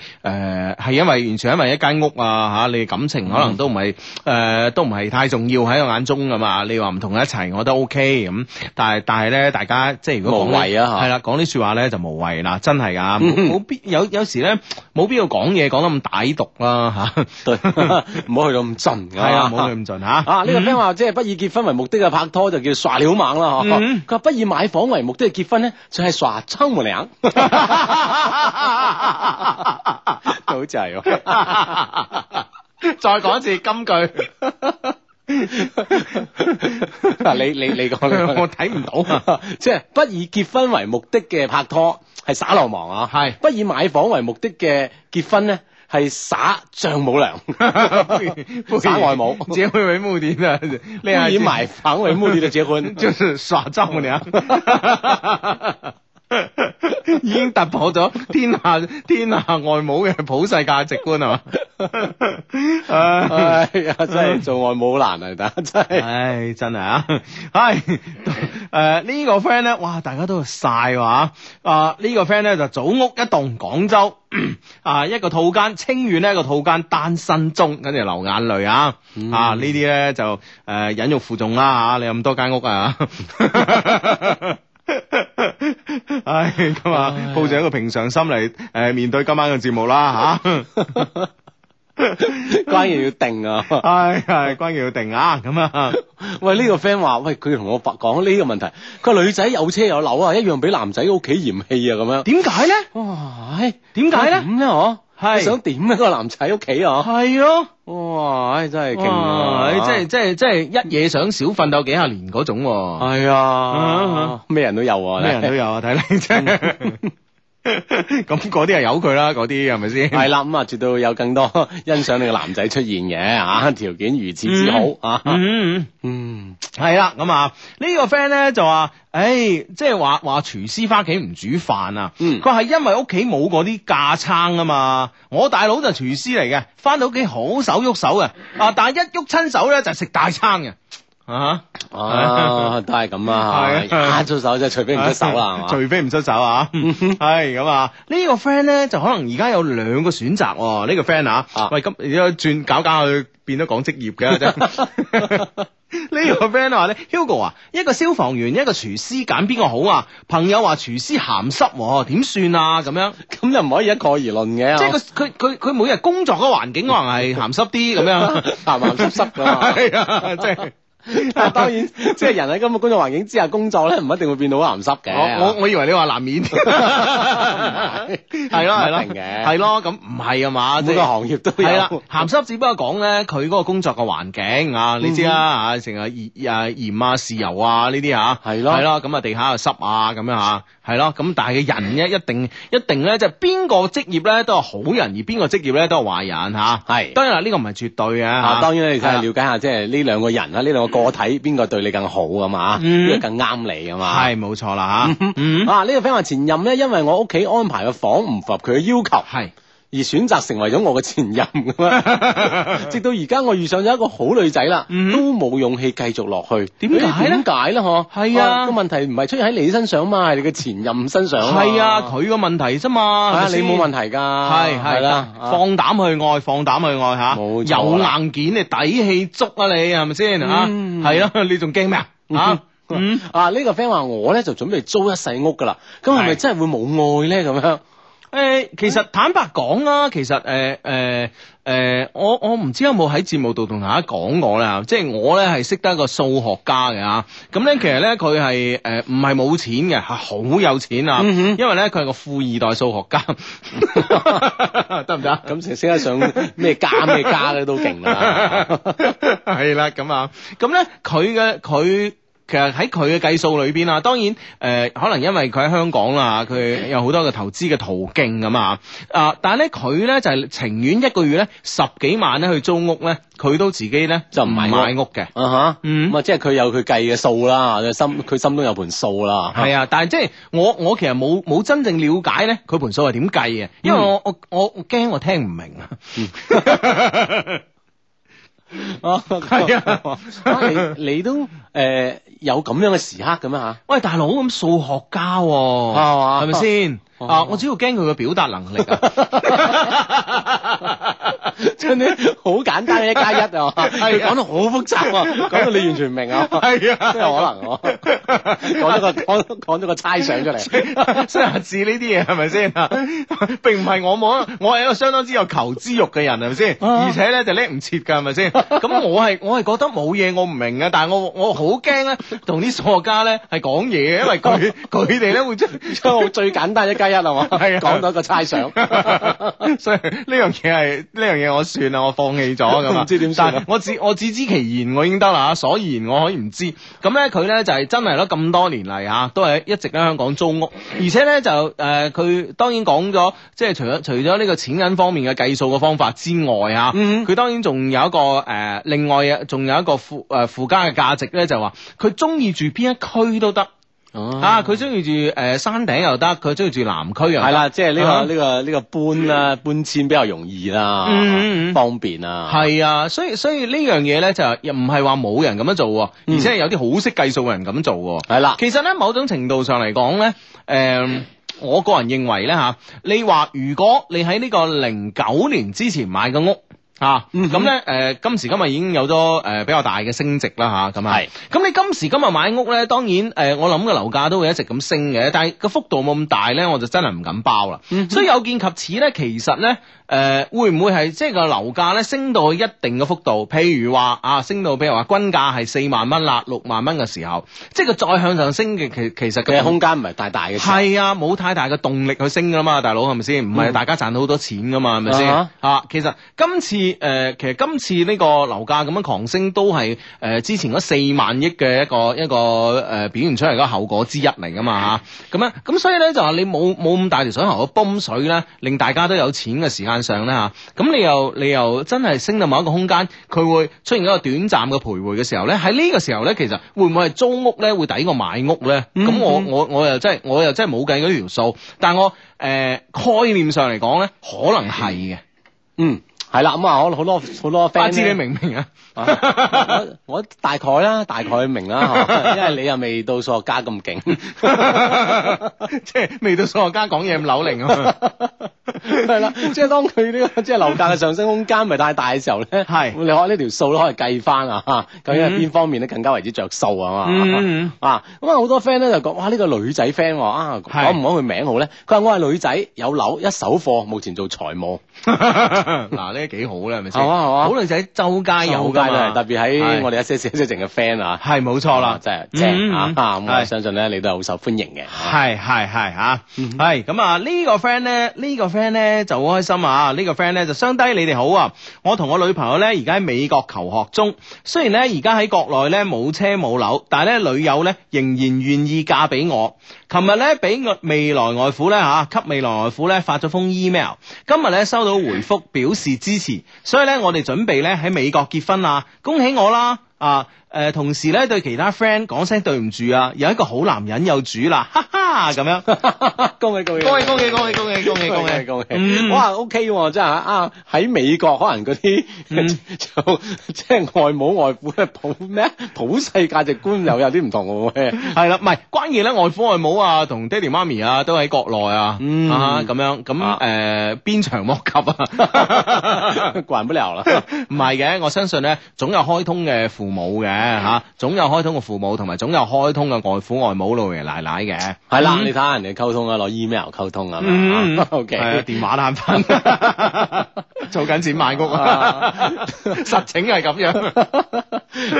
係因為完全係因為一間屋啊嚇、啊，你感情可能都唔係誒，都唔係太重要喺佢眼中㗎嘛？你話唔同佢一齊，我覺得 OK 咁、嗯。但係但係咧，大家即係如果說無謂啊嚇，係啦，講啲説話咧就無謂啦，真係㗎，冇必有有時咧冇必要講嘢講得咁大。睇毒啦吓，對，唔好去到咁盡，係啊，唔好去咁盡吓。啊，呢個咩話即係不以結婚為目的嘅拍拖就叫耍流氓啦，佢話不以買房為目的嘅結婚咧，就係耍窗抽冇零。好正喎！再講一次金句。嗱，你你你講，我睇唔到即係不以結婚為目的嘅拍拖係耍流氓啊，係不以買房為目的嘅結婚咧。係耍丈母娘、 耍外母結婚為目的，你係以買房為目的的結婚，就是耍丈母娘。已經突破咗天下天下外母嘅普世價值觀係嘛？ 唉呀，真係做外母難啊！大家真係，唉、呃，真係啊！係誒呢個 friend 咧，哇！大家都晒話啊，這個、呢個 friend 咧就祖屋一棟，廣州啊一個套間，清遠呢，一個套間，單身中，跟住流眼淚啊、嗯啊，呃、啊，啊！啊呢啲咧就誒忍辱負重啦！吓你有咁多間屋啊！唉，咁啊，抱住一個平常心嚟誒、呃、面對今晚嘅節目啦！吓、啊。啊啊啊 關鍵要定啊 哎哎、要定啊！哎， 關鍵要定啊！咁啊，喂，呢個 friend 話，喂，佢同我講呢個問題，個女仔有車有樓啊，一樣俾男仔屋企嫌棄啊，咁樣呢，點解咧？哇，點解咧？點咧？我係、啊哎、是想點咧？個男仔屋企啊？係咯？哇，哎、真係勁啊！到哇，唉，即係即係即係一夜想少奮鬥幾廿年嗰種。係啊，咩人都有，啊！咩人都有啊，睇嚟。真。 咁嗰啲係由佢啦，嗰啲係咪先？係啦，咁啊，絕對會 有更多欣賞你嘅男仔出現嘅啊，條件如此之好，嗯、啊，嗯嗯，係啦，嗯，咁啊，這個，呢個 friend 咧就話，誒、哎，即係話話廚師翻屋企唔煮飯啊，佢係、嗯、因為屋企冇嗰啲架撐啊嘛，我大佬就廚師嚟嘅，翻到屋企好手喐手嘅，啊，但係一喐親手咧就係食大餐嘅。啊！啊，都係咁啊，揸出手就除非唔出手啦，除非唔出手啊！係咁啊，呢個 friend 咧就可能而家有兩個選擇哦。呢個 friend 啊，喂，咁而家轉搞搞去變咗講職業嘅啫。呢個 friend 話咧，Hugo 啊，一個消防員，一個廚師，揀邊個好啊？朋友話廚師鹹濕，點算啊？咁樣咁又唔可以一概而論嘅，即係佢佢佢每日工作嗰個環境可能係鹹濕啲咁樣，鹹鹹濕濕噶，係啊，即係。啊，當然，即係人喺今日工作環境之下工作咧，唔一定會變到好鹹濕嘅。我我以為你話難免，係咯係咯，係咯，咁唔係啊嘛，呢個行業都有鹹濕，只不過講咧佢嗰個工作嘅環境啊，你知啦吓，成日鹽啊鹽啊，豉油啊呢啲啊，係咯係咯，咁啊地下又濕啊咁樣啊，係咯，咁但係嘅人咧一定一定咧，即係邊個職業咧都係好人，而邊個職業咧都係壞人吓。係當然啦，呢個唔係絕對嘅。啊，當然你睇下了解下，即係呢兩個人啊。呢兩個。個體邊個對你更好啊嘛，邊個、嗯、更啱你啊嘛，係冇錯啦吓。 嗯、啊呢、呢個 friend 話前任咧，因為我屋企安排嘅房唔符合佢嘅要求，係。而選擇成為咗我嘅前任咁啊！直到而家我遇上咗一個好女仔啦，都冇勇氣繼續落去。點解咧？點解咧？嗬？係啊！個問題唔係出現喺你身上啊嘛，係你嘅前任身上。係啊，佢嘅問題啫嘛，你冇問題㗎。係係啦，放膽去愛，放膽去愛嚇。有硬件你底氣足啊！你係咪先嚇？係咯，你仲驚咩啊？啊啊！呢個 friend 話我咧就準備租一世屋㗎啦。咁係咪真係會冇愛咧？咁樣？誒，其實坦白講啦，其實誒誒誒，我我唔知有冇喺節目度同大家講過啦，即係我咧係識得一個數學家嘅吓，咁咧其實咧佢係誒唔係冇錢嘅，係好有錢啊，因為咧佢係個富二代數學家，得唔得？咁成識得上咩家咩家咧都勁啦，係啦， 咁啊，咁咧佢嘅佢。其實喺佢嘅計數裏邊啊，當然誒、呃，可能因為佢喺香港啦，佢有好多嘅投資嘅途徑咁、呃嗯嗯、啊。她她啊，但係咧佢咧就係情願一個月咧十幾萬咧去租屋咧，佢都自己咧就唔係買屋嘅。啊吓，嗯，啊，即係佢有佢計嘅數啦，心佢心中有盤數啦。係啊，但係即係我我其實冇冇真正了解咧佢盤數係點計嘅，嗯、因為我我我驚我聽唔明啊。係、嗯、啊，你都誒。有咁樣嘅時刻咁啊嚇！喂，大佬咁數學家喎、啊，係咪先？啊！我主要驚佢嘅表達能力，真係好簡單嘅一加一啊！佢講到好複雜啊。講到你完全唔明啊！係啊，真係可能啊！講咗個講講咗個猜想出嚟，所以阿字呢啲嘢係咪先啊？並唔係我冇，我係一個相當之有求知欲嘅人係咪先？而且咧就叻唔切噶係咪先？咁我係我係覺得冇嘢我唔明啊！但係我我好驚咧，同啲數學家咧係講嘢，因為佢佢哋咧會將將我最簡單一猜一係嘛，講 到一個猜想， 所以呢樣嘢係呢樣嘢，我算啦，我放棄咗，咁唔 知點解、啊，我只我只知其言我已經得啦，所以然我可以唔知。咁咧佢咧就係、是、真係咯，咁多年嚟啊，都係一直喺香港租屋，而且咧就誒，佢、呃、當然講咗，即係除咗除咗呢個錢銀方面嘅計數嘅方法之外吓，佢、嗯、哼 當然仲有一個誒、呃，另外啊，仲有一個附誒附加嘅價值咧，就話佢中意住邊一區都得。啊！佢中意住誒、呃、山頂又得，佢中意住南區又係啦，即係呢、呢個呢個呢個搬啊，搬遷比較容易啦、啊，嗯、方便啦、啊。係啊，所以所以呢樣嘢咧就又唔係話冇人咁樣做喎，而且係有啲好識計數嘅人咁做喎。係啦、嗯，其實咧某種程度上嚟講咧，誒、呃，我個人認為咧嚇、啊，你話如果你喺呢個零九年之前買嘅屋。啊，咁咧，誒、呃，今時今日已經有咗誒、呃、比較大嘅升值啦，吓、啊，咁係，咁是你今時今日買屋咧，當然，誒、呃，我諗嘅樓價都會一直咁升嘅，但係個幅度冇咁大咧，我就真係唔敢包啦。嗯、哼所以有見及此咧，其實咧，誒、呃，會唔會係即係個樓價咧升到去一定嘅幅度？譬如話啊，升到譬如話均價係四萬蚊啦，六萬蚊嘅時候，即係個再向上升嘅其其實嘅空間唔係大大嘅，係啊，冇太大嘅動力去升噶嘛，大佬係咪先？唔係大家賺到好多錢噶嘛，係咪先？啊，啊，其實今次。誒，其實今次呢個樓價咁樣狂升，都係誒、呃、之前嗰四萬億嘅一個一個誒、呃、表現出嚟嘅後果之一嚟㗎嘛吓，咁樣咁所以咧就話你冇冇咁大條水喉嘅泵水咧，令大家都有錢嘅時間上咧吓，咁、啊、你又你又真係升到某一個空間，佢會出現一個短暫嘅徘徊嘅時候咧，喺呢個時候咧，其實會唔會係租屋咧會抵過買屋咧？咁、嗯、哼我我我又真係我又真係冇計嗰條數，但係我誒、呃、概念上嚟講咧，可能係嘅，嗯。係啦，咁啊， 我好多好多 friend，不知你明唔明啊？我大概啦，大概明啦， 因為你又到 未到數學家咁勁、啊， 即係未到數學家講嘢咁流利啊！係啦，即係當佢呢個即係樓價嘅上升空間唔係太大嘅時候咧，係 你可呢條數都可以計翻啊！究竟係邊方面咧更加為之着數啊嘛、 嗯 這個！啊，咁啊好多 friend 咧就講哇呢個女仔 friend 啊，講唔講佢名好咧？佢話我係女仔，有樓一手貨，目前做財務。嗱呢～幾好啦，係咪先？好啊，好啊！好耐就喺周街有，街都特別喺我哋一些小城鎮嘅 friend 啊，係冇錯啦，真係正、嗯嗯、啊！咁、嗯、我相信咧，你都係好受歡迎嘅。係係係吓，係咁啊！ 個呢、這個 friend 咧，呢個 friend 咧就好開心啊！這個、呢個 friend 咧就雙低你哋好啊！我同我女朋友咧而家喺美國求學中，雖然咧而家喺國內咧冇車冇樓，但係咧女友咧仍然願意嫁俾我。琴日咧俾我未來外父咧吓，給未來外父咧、啊、發咗封 email，今日咧收到回覆，表示知。之支持，所以咧，我哋準備咧喺美國結婚啦，恭喜我啦啊！誒，同時咧對其他 friend 講聲對唔住啊，有一個好男人有主啦，哈哈咁樣，恭喜恭喜恭喜恭喜恭喜恭喜恭喜恭喜，哇 OK 喎，真係啊，喺美國可能嗰啲就即係外母外父嘅普咩普世價值觀又有啲唔同喎，係啦，唔係關鍵咧，外父外母啊同爹哋媽咪啊都喺國內啊，咁樣咁誒鞭長莫及啊，慣不了啦，唔係嘅，我相信咧總有開通嘅父母嘅。誒，吓總有開通嘅父母，同埋總有開通嘅外父外母、老爺奶奶嘅，係啦，你睇下人哋溝通啊，攞 email 溝通啊，OK 電話談判， 做緊錢買屋啊， 實情係咁樣。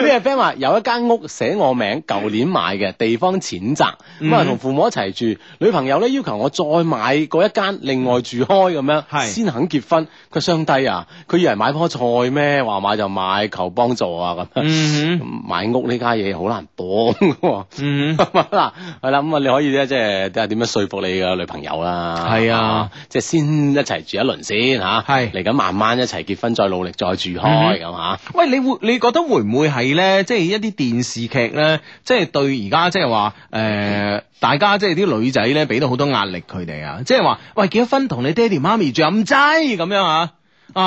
咩 friend 話有一間屋寫我名，舊年買嘅地方淺窄，咁啊同父母一齊住，女朋友咧要求我再買個一間另外住開咁樣，係先、嗯、肯結婚。佢相低啊，佢以為買棵菜咩？話買就買，求幫助啊咁。買屋呢家嘢好難擋嘅喎，嗱係啦，咁啊你可以咧，即係點樣說服你嘅女朋友啦？係啊，即係係、啊啊即係、先一齊住一輪先吓，嚟、啊、緊係慢慢一齊結婚，再努力再住開咁吓。喂，你會你覺得會唔會係咧？即、就、係、係、一啲電視劇咧，即、就、係、係、對而家即係話誒，大家即係啲女仔咧，俾到好多壓力佢哋啊，即係話喂，結咗婚同你爹哋媽咪住咁滯咁樣吓啊？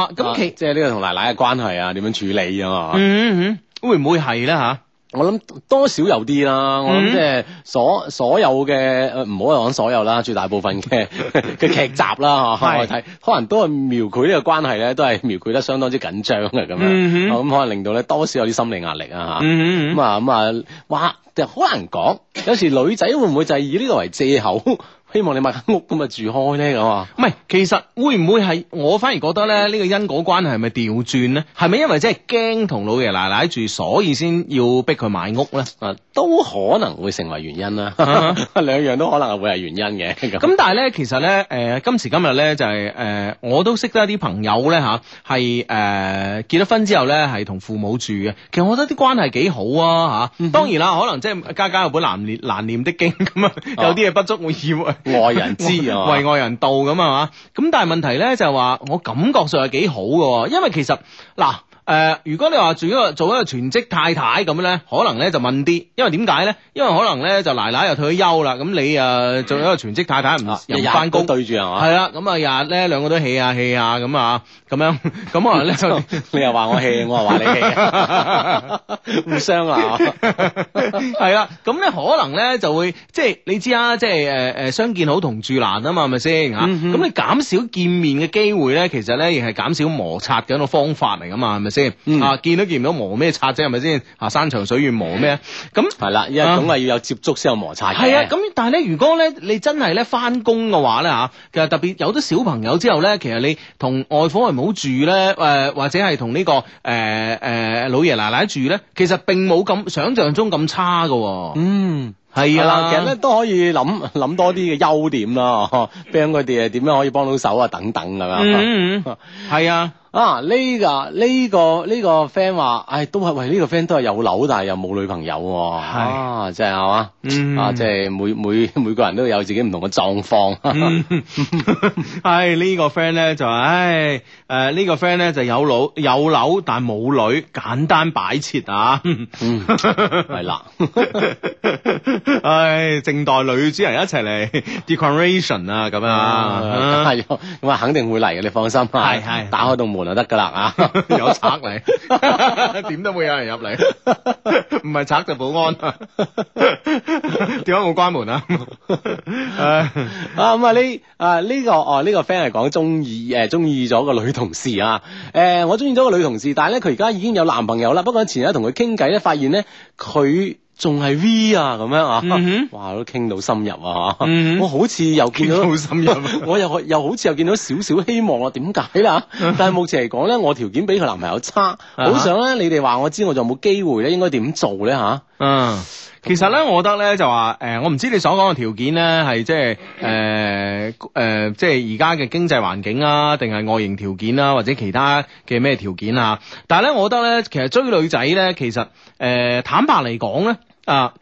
咁、啊、其即係呢個同奶奶嘅關係啊，點樣處理啊？嗯嗯。會唔會係咧吓？我諗多少有啲啦，mm hmm. 我諗即係所所有嘅唔好係講所有啦，絕大部分嘅嘅劇集啦，吓我睇可能都係描繪呢個關係咧，都係描繪得相當之緊張嘅咁樣，咁可能令到咧多少有啲心理壓力啊吓，咁啊咁啊，哇就好難講，有時女仔會唔會就係以呢個為借口？希望你買間屋咁啊住開呢。咁啊，唔係，其實會唔會係我反而覺得咧呢，這個因果關係係咪調轉咧？係咪因為即係驚同老爺奶奶住，所以先要逼佢買屋咧？啊，都可能會成為原因啦，兩、啊、 樣都可能係會係原因嘅。咁但係咧，其實咧，誒、呃、今時今日咧就係、是、誒、呃，我都識得一啲朋友咧吓，係、啊、誒、呃、結咗婚之後咧係同父母住嘅。其實我覺得啲關係幾好啊吓。啊嗯、哼當然啦，可能即係家家有本難念難念的經咁啊，有啲嘢不足，我以 外人知啊， 為外人道咁啊嘛，咁 但係問題咧就係話，我感覺上係幾好噶，因為其實嗱。誒，如果你話做一個做一個全職太太咁咧，可能咧就問啲，因為點解咧？因為可能咧就奶奶又退咗休啦，咁你誒做一個全職太太唔日日都對住啊嘛？係啦，咁啊日日咧兩個都 hea 下 hea 下咁啊，咁樣咁啊咧，你又話我 hea 我又我話你 hea 互相啊，係啦，咁咧可能咧就會即係你知啦，即係誒誒相見好同住難啊嘛，係咪先啊？咁你減少見面嘅機會咧，其實咧亦係減少摩擦嘅一個方法嚟噶嘛，係咪先？啊，嗯、見都見唔到磨咩擦啫，係咪先？啊，山長水遠磨咩？咁係啦，總係要有接觸先有摩擦嘅。係啊，咁但係咧，如果咧你真係咧翻工嘅話咧嚇，其實特別有咗小朋友之後咧，其實你同外父外母住咧誒，或者係同呢個誒誒、呃呃、老爺奶奶住咧，其實並冇咁想像中咁差嘅。嗯，係啊，啊，其實咧都可以諗諗多啲嘅優點咯，幫佢哋係點樣可以幫到手啊，等等㗎。嗯嗯，係啊。啊呢、這個呢、這個呢、這個 friend 話，唉都係喂呢、這個 friend 都係有樓，但係又冇女朋友，係啊，即係係嘛，啊即係、嗯啊、每每每個人都有自己唔同嘅狀況。係呢、就是呃這個 friend 咧就係、是，誒呢個 friend 咧就有樓，有樓，但係冇女，簡單擺設啊，係啦， 唉正待女主人一齊嚟 decoration 啊咁啊，係咁啊、嗯、肯定會嚟嘅，你放心，係係 打開到門，門就得噶啦啊！ 有賊嚟，點都會有，有人入嚟，唔係賊就保安啊？點解冇關門啊， 啊，啊、嗯？啊咁、呢個、啊呢、呢個、啊呢個哦呢個 friend 係講中意誒中意咗個女同事啊誒、啊、我中意咗個女同事，但係咧佢而家已經有男朋友啦。不過前日同佢傾偈咧，發現咧佢。仲係 V 啊，咁樣啊，mm hmm. 哇都傾到深入啊，mm hmm. 我好似又見到好深入， 我又又好似又見到少少希望啊，點解啦？ 但係目前嚟講咧，我條件比佢男朋友差，好想咧，啊、你哋話我知，我就冇機會咧，應該點做咧吓？嗯，這樣 其實咧，我覺得咧就話，誒、呃，我唔知你所講嘅條件咧，係即係誒誒，即係而家嘅經濟環境啊，定係外形條件啊，或者其他嘅咩條件啊？但係咧，我覺得咧，其實追女仔咧，其實誒、呃，坦白嚟講咧。啊！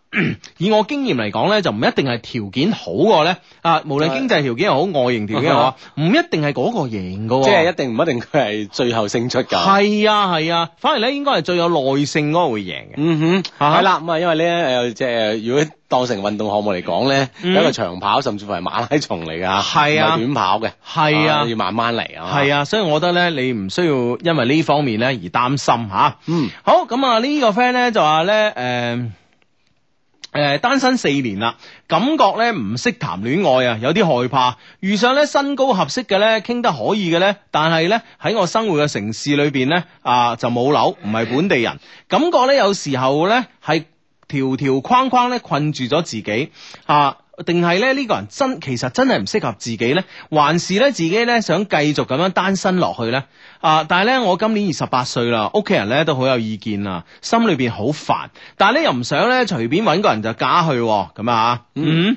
以我經驗嚟講咧，就唔一定係條件好過咧。啊，無論經濟條件又好，外形條件又好，唔一定係嗰個贏個。即係一定唔一定佢係最後勝出㗎。係啊係啊，反而咧應該係最有耐性嗰個會贏嘅。嗯哼，係啦咁啊，因為咧誒，即係如果當成運動項目嚟講咧，有一個長跑甚至乎係馬拉松嚟㗎，係啊，唔係短跑嘅，係啊，要慢慢嚟啊。係啊，所以我覺得咧，你唔需要因為呢方面咧而擔心吓，嗯，好咁啊，呢個 friend 咧就話咧誒。誒，單身四年啦，感覺咧唔識談戀愛啊，有啲害怕。遇上咧身高合適嘅咧，傾得可以嘅咧，但係咧喺我生活嘅城市裏邊咧，啊、呃、就冇樓，唔係本地人，感覺咧有時候咧係條條框框咧困住咗自己啊。呃定係咧呢個人真其實真係唔適合自己咧，還是咧自己咧想繼續咁樣單身落去呢？啊！但係呢，我今年二十八歲啦，屋企人呢都好有意見啦，心裏邊好煩，但係咧又唔想咧隨便揾個人就嫁去咁啊！啊嗯。嗯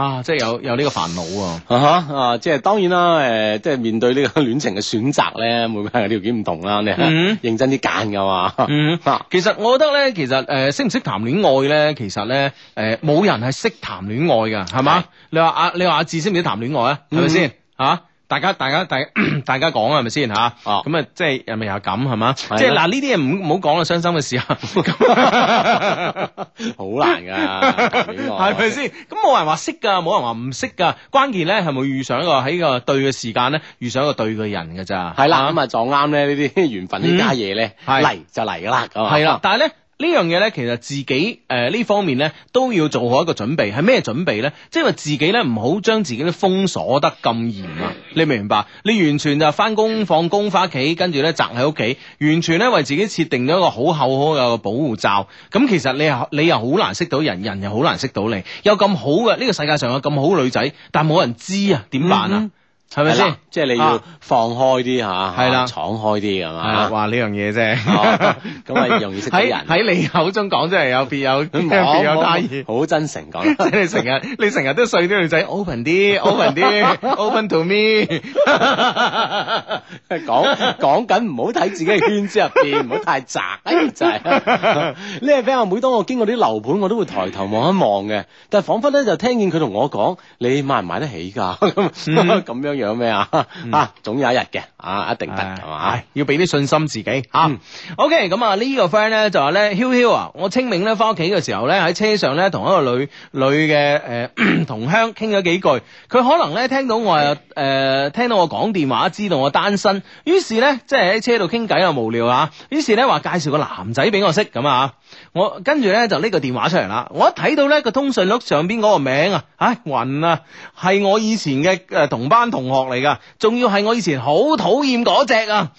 啊，即係有有呢個煩惱啊，uh、huh, 啊，即係當然啦，誒、呃，即係面對個戀呢個戀情嘅選擇咧，每家嘅條件唔同啦，你、mm hmm. 認真啲揀噶嘛，mm hmm. 其實我覺得咧，其實誒、呃，識唔識談戀愛咧，其實咧，誒、呃，冇人係識談戀愛噶，係嘛 Okay.？你話啊，你話阿志識唔識談戀愛、mm hmm. 啊？係咪先吓？大家大家大大家講係咪先吓？哦，咁啊，即係咪又咁係嘛？即係嗱，呢啲嘢唔好講啊，傷心嘅事啊，好難噶，係咪先？咁冇人話識噶，冇人話唔識噶，關鍵咧係咪遇上一個喺個對嘅時間咧，遇上一個對嘅人噶咋？係啦，咁啊撞啱咧呢啲緣分呢家嘢咧嚟就嚟啦，係啦，但係咧。呢樣嘢呢，其實自己誒呢、呃、方面呢，都要做好一個準備，係咩準備呢？即係話自己呢，唔好將自己都封鎖得咁嚴啊！你明唔明白？你完全就翻工放工翻屋企，跟住呢，宅喺屋企，完全呢，為自己設定咗一個好厚好厚嘅保護罩。咁其實你又你又好難識到人，人又好難識到你。有咁好嘅呢、呢個世界上有咁好女仔，但冇人知啊！點辦啊？嗯係咪先？即係你要放開啲吓，係啦的，敞開啲咁啊！話呢樣嘢啫，咁啊、 哦、容易識到人。喺 你口中講真係有必有沒別有他意，好真誠講。 你成日你成日都對啲女仔 open 啲，open 啲 open,，open to me。講講緊唔好睇自己嘅圈子入邊，唔好太窄就呢個 friend 每當我經過啲樓盤，我都會抬頭望一望嘅。但係仿佛咧就聽見佢同我講：你買唔買得起噶咁 這樣？ 仲有咩啊？啊、嗯，總有一日嘅啊，一定得係嘛，啊、吧要俾啲信心自己吓。啊嗯、OK，咁啊、這個、呢個 friend 咧就話咧，曉曉啊，我清明咧返屋企嘅時候咧喺車上咧同一個女女嘅誒同鄉傾咗幾句，佢可能咧聽到我誒、呃、聽到我講電話，知道我單身，於是咧即係喺車度傾偈啊，無聊啊，於是咧話介紹個男仔俾我識咁啊，我跟住咧就呢個電話出嚟啦，我一睇到咧個通訊錄上邊嗰個名啊，唉暈啊，係我以前嘅誒同班同班。同班學嚟噶，仲要係我以前好討厭嗰隻啊，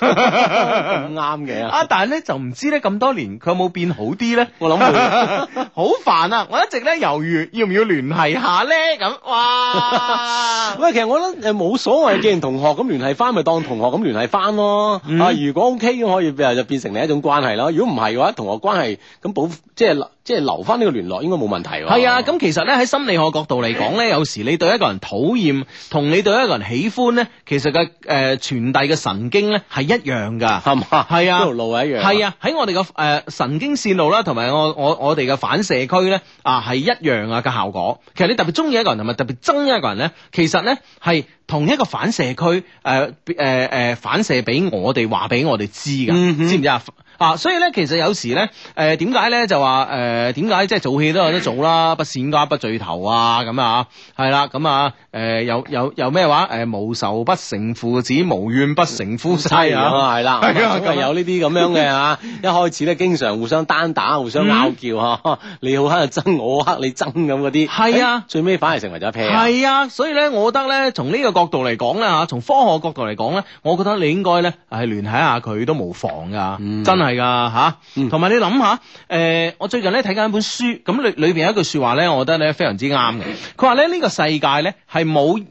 啱 嘅啊！但係咧就唔知咧咁多年佢有冇變好啲咧？我諗， 好煩啊！我一直咧猶豫要唔要聯繫下咧，咁哇， 喂，其實我覺得誒冇所謂嘅，既然同學，咁聯繫翻咪當同學咁聯繫翻咯。啊， 如果 OK 咁可以，就變成另一種關係咯。如果唔係嘅話，同學關係咁保即係即係留翻呢個聯絡應該冇問題喎。係啊，咁其實咧喺心理學角度嚟講咧，有時你對一個人討厭，同你對一個人喜歡咧，其實嘅誒傳遞嘅神經咧係一樣噶，係嘛吧？係啊，條、啊、路一樣。係啊，喺我哋嘅誒神經線路啦，同埋我我我哋嘅反射區咧啊係一樣啊嘅效果。其實你特別中意一個人，同埋特別憎一個人咧，其實咧係同一個反射區誒誒誒反射俾我哋話俾我哋知噶，嗯、哼 知唔知啊？啊，所以咧，其實有時咧，誒，點解咧就話，誒、呃，點解即係做戲都有得做啦，不散家不聚頭啊，咁啊，係啦，咁啊，誒、呃，有有有咩話？誒、呃，無仇不成父子，無怨不成夫妻啊，係啦，係啊，有呢啲咁樣嘅啊，一開始咧，經常互相單打，互相拗撬啊，你好黑就憎，我黑你憎咁啲，係啊，嗯哎、最尾反而成為咗一對係啊，所以咧，我覺得咧，從呢個角度嚟講咧，吓，從科學角度嚟講咧，我覺得你應該咧係聯繫下佢都無妨噶，嗯、真係。係噶吓，同埋、嗯、你諗下，誒、呃，我最近咧睇緊一本書，咁裏裏邊有一句說話咧，我覺得咧非常之啱嘅。佢話咧呢、呢個世界咧係冇一，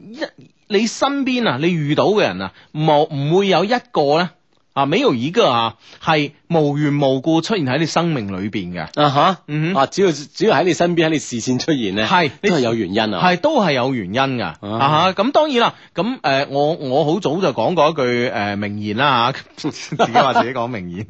你身邊啊，你遇到嘅人啊，冇唔會有一個咧。啊，沒有一個啊係無緣無故出現喺你生命裏邊嘅啊嚇，啊只要只要喺你身邊，喺你視線出現咧，係、啊、都係有原因啊，係、啊、都係有原因嘅啊，咁、啊嗯、當然啦，咁誒、呃、我我好早就講過一句誒、呃、名言啦嚇、啊，自己話自己講名言，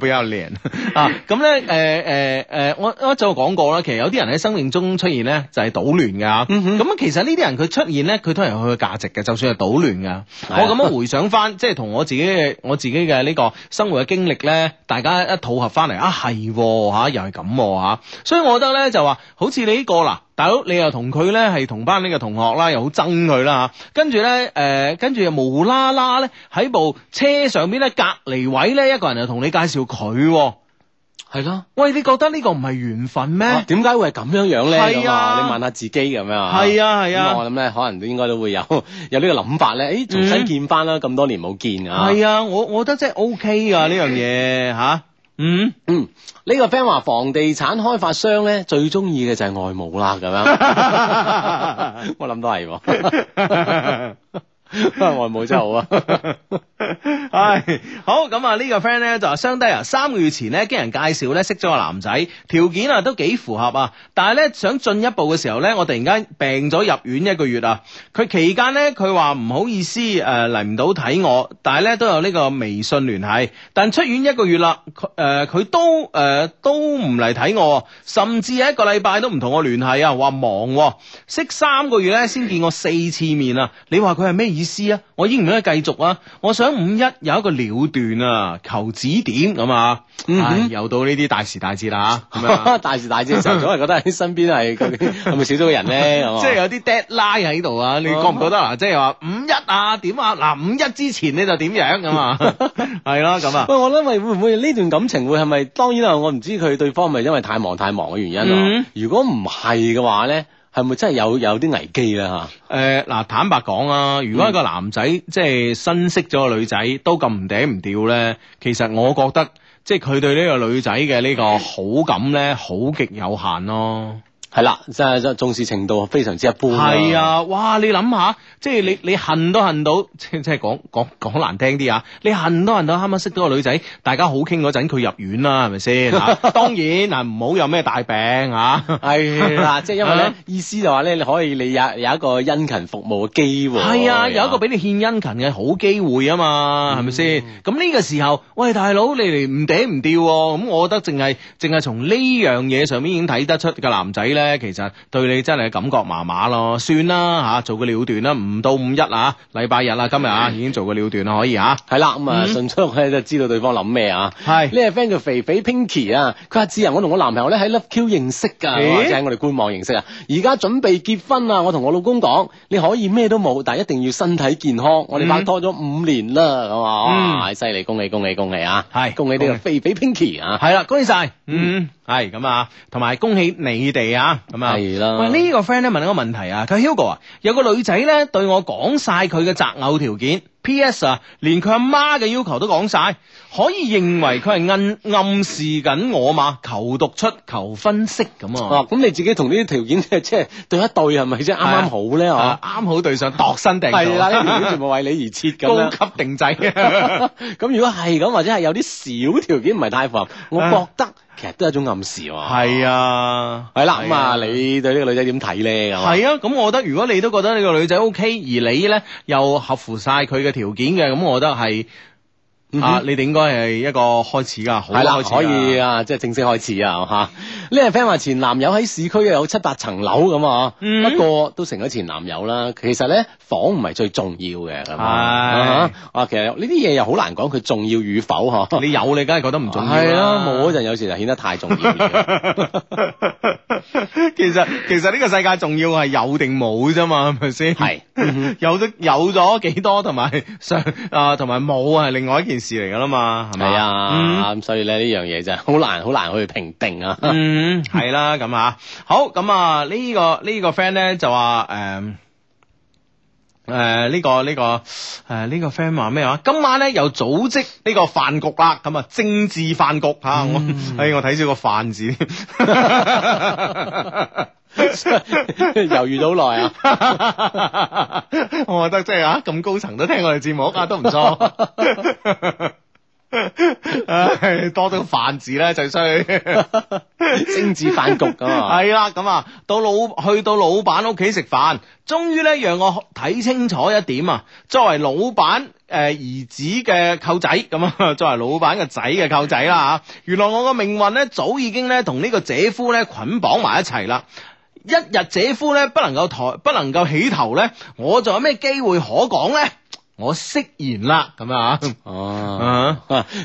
比較靚啊。咁咧誒誒誒，我我早就講過啦，其實有啲人喺生命中出現咧就係、是、搗亂嘅，咁、嗯哼啊、其實呢啲人佢出現咧佢都係有佢嘅價值嘅，就算係搗亂嘅，的 我咁樣回想翻即係。就是同我自己嘅我自己嘅呢個生活嘅經歷呢，大家一吐合翻嚟啊，係吓、啊，又係咁吓，所以我覺得呢，就話、這個，好似你呢個嗱，大佬你又同佢呢係同班呢個同學啦，又好憎佢啦，跟住呢，誒、呃，跟住又無啦啦呢，喺部車上面呢，隔籬位呢，一個人又同你介紹佢、啊。係咯，喂，你覺得呢個唔係緣分咩？點解會係咁樣樣咧？係啊，啊你問下自己咁樣。係啊係啊，我諗咧，可能都應該都會有有呢個諗法咧。誒，重新見翻啦，咁多年冇見啊。係啊，我我覺得真係 OK 的的啊。呢樣嘢吓。嗯嗯，呢 個 friend 話房地產開發商咧最中意嘅就係外母啦咁樣。我諗都係。 我母真好啊！係好咁啊，呢個 friend 咧就話相低啊，三個月前咧經人介紹咧識咗個男仔，條件啊都幾符合啊，但係咧想進一步嘅時候咧，我突然間病咗入院一個月啊，佢期間咧佢話唔好意思誒嚟唔到睇我，但係咧都有呢個微信聯繫，但出院一個月啦，誒、呃、佢都誒、呃、都唔嚟睇我，甚至一個禮拜都唔同我聯繫啊，話忙，識三個月咧先見我四次面啊，你話佢係咩？意思啊，我應唔應該繼續啊？我想五一有一個了斷啊，求指點咁啊、哎。又到呢啲大時大節啦、啊，啊、 大時大節嘅時候，總係覺得喺身邊係係咪少咗個人咧？即係 有啲 deadline 拉喺度啊！你覺唔覺得啊？即係話五一啊，點啊？嗱，五一之前你就點樣咁啊？係咯，咁啊。 喂，我諗，咪會唔會呢段感情會係咪？當然啦，我唔知佢對方係咪因為太忙太忙嘅原因咯。 如果唔係嘅話咧。係咪真係有有啲危機咧嚇？誒嗱、呃，坦白講啊，如果一個男仔即係新識咗個女仔都咁唔嗲唔吊咧，其實我覺得即係佢對呢個女仔嘅呢個好感咧，好極有限咯。係啦，真係重視程度非常之一般，啊。係啊，哇！你諗下，即係你你恨都恨到，即即係講講講難聽啲啊！你恨都恨到，啱啱識到個女仔，大家好傾嗰陣佢入院啦，啊，係咪先？ 當然嗱，唔好有咩大病啊，係啦， 啊，即係因為咧， 意思就話咧，你可以你有有一個殷勤服務嘅機會，啊，係啊，有一個俾你獻殷勤嘅好機會啊嘛，係咪先？咁呢，嗯，個時候，喂大佬，你哋唔嗲唔吊喎，啊？咁我覺得淨係淨係從呢樣嘢上面已經睇得出個男仔咧。其實對你真係感覺麻麻咯，算啦嚇，做個了斷啦，唔到五一啊，禮拜日啊，今日啊已經做個了斷啦，可以嚇，係啦，咁啊，迅速就知道對方諗咩啊，係，呢個 friend 叫肥肥 Pinky 啊，佢話之前我同我男朋友咧喺 LoveQ 認識噶，即係我哋官網認識啊，而家準備結婚啊，我同我老公講，你可以咩都冇，但係一定要身體健康，我哋拍拖咗五年啦，咁啊，太犀利，恭喜恭喜恭喜啊，係，恭喜呢個肥肥 Pinky 啊，係啦，恭喜晒！嗯。係咁、哎、啊，同埋恭喜你哋啊！咁啊，啦的。喂呢、這個 friend 咧問咗個問題啊，佢 Hugo 啊，go，有個女仔咧對我講晒佢嘅擇偶條件，P.S. 啊，連佢阿媽嘅要求都講晒，可以認為佢係暗暗示緊我嘛？求獨出，求分析咁啊！咁、啊、你自己同呢啲條件，即、就、係、是、對一對係咪即係啱啱好咧？啱的、啊啊、好對上度身定做。係啦，啲條件全部為你而設噶 高級定製。咁 如果係咁，或者係有啲小條件唔係太符合，我覺得。 其實都係一種暗示，係啊，係啦，咁啊，你對呢個女仔點睇咧？係啊，咁我覺得如果你都覺得呢個女仔 OK，而你咧又合乎晒佢嘅條件嘅，咁我覺得係。Mm hmm. 啊！你哋應該係一個開始噶，好開、啊、可以啊，即、就、係、是、正式開始啊吓。呢個 friend 話前男友喺市區有七八層樓咁啊，mm hmm. 不過都成咗前男友啦。其實咧房唔係最重要嘅，係啊、哎、啊，啊，其實呢啲嘢又好難講佢重要與否嗬。啊、你有你梗係覺得唔重要、啊，係啦、啊，我嗰陣有時就顯得太重要。 其實其實呢個世界重要係有定冇啫嘛，係咪先？係、嗯、 有咗有咗幾多，同埋上啊，同埋冇啊，係另外一件事嚟噶啦嘛，係咪？啊，咁、嗯、所以咧呢樣嘢就係好難好難去評定啊。 嗯，係 啦、啊，咁啊，好咁啊，這個這個、呢個呢個 friend 咧就話誒。嗯誒，呢、呃這個呢、這個誒，呢、呃這個 friend 話咩話？今晚咧又組織呢個飯局啦，咁啊政治飯局吓、啊嗯哎，我哎我睇住個飯字，猶 豫到好耐啊，我 覺得 即係啊，咁高層都聽我哋節目啊，都唔錯。 多咗個飯字咧、 啊， 就衰，精緻飯局㗎嘛。係啦，咁啊，到老去到老闆屋企食飯，終於咧讓我睇清楚一點、呃、啊！作為老闆誒兒子嘅舅仔，咁啊，作為老闆嘅仔嘅舅仔啦吓，原來我個命運咧早已經咧同呢個姐夫咧捆綁埋一齊啦！一日姐夫咧不能夠抬，不能夠起頭咧，我仲有咩機會可講咧？我識言啦，咁啊，哦，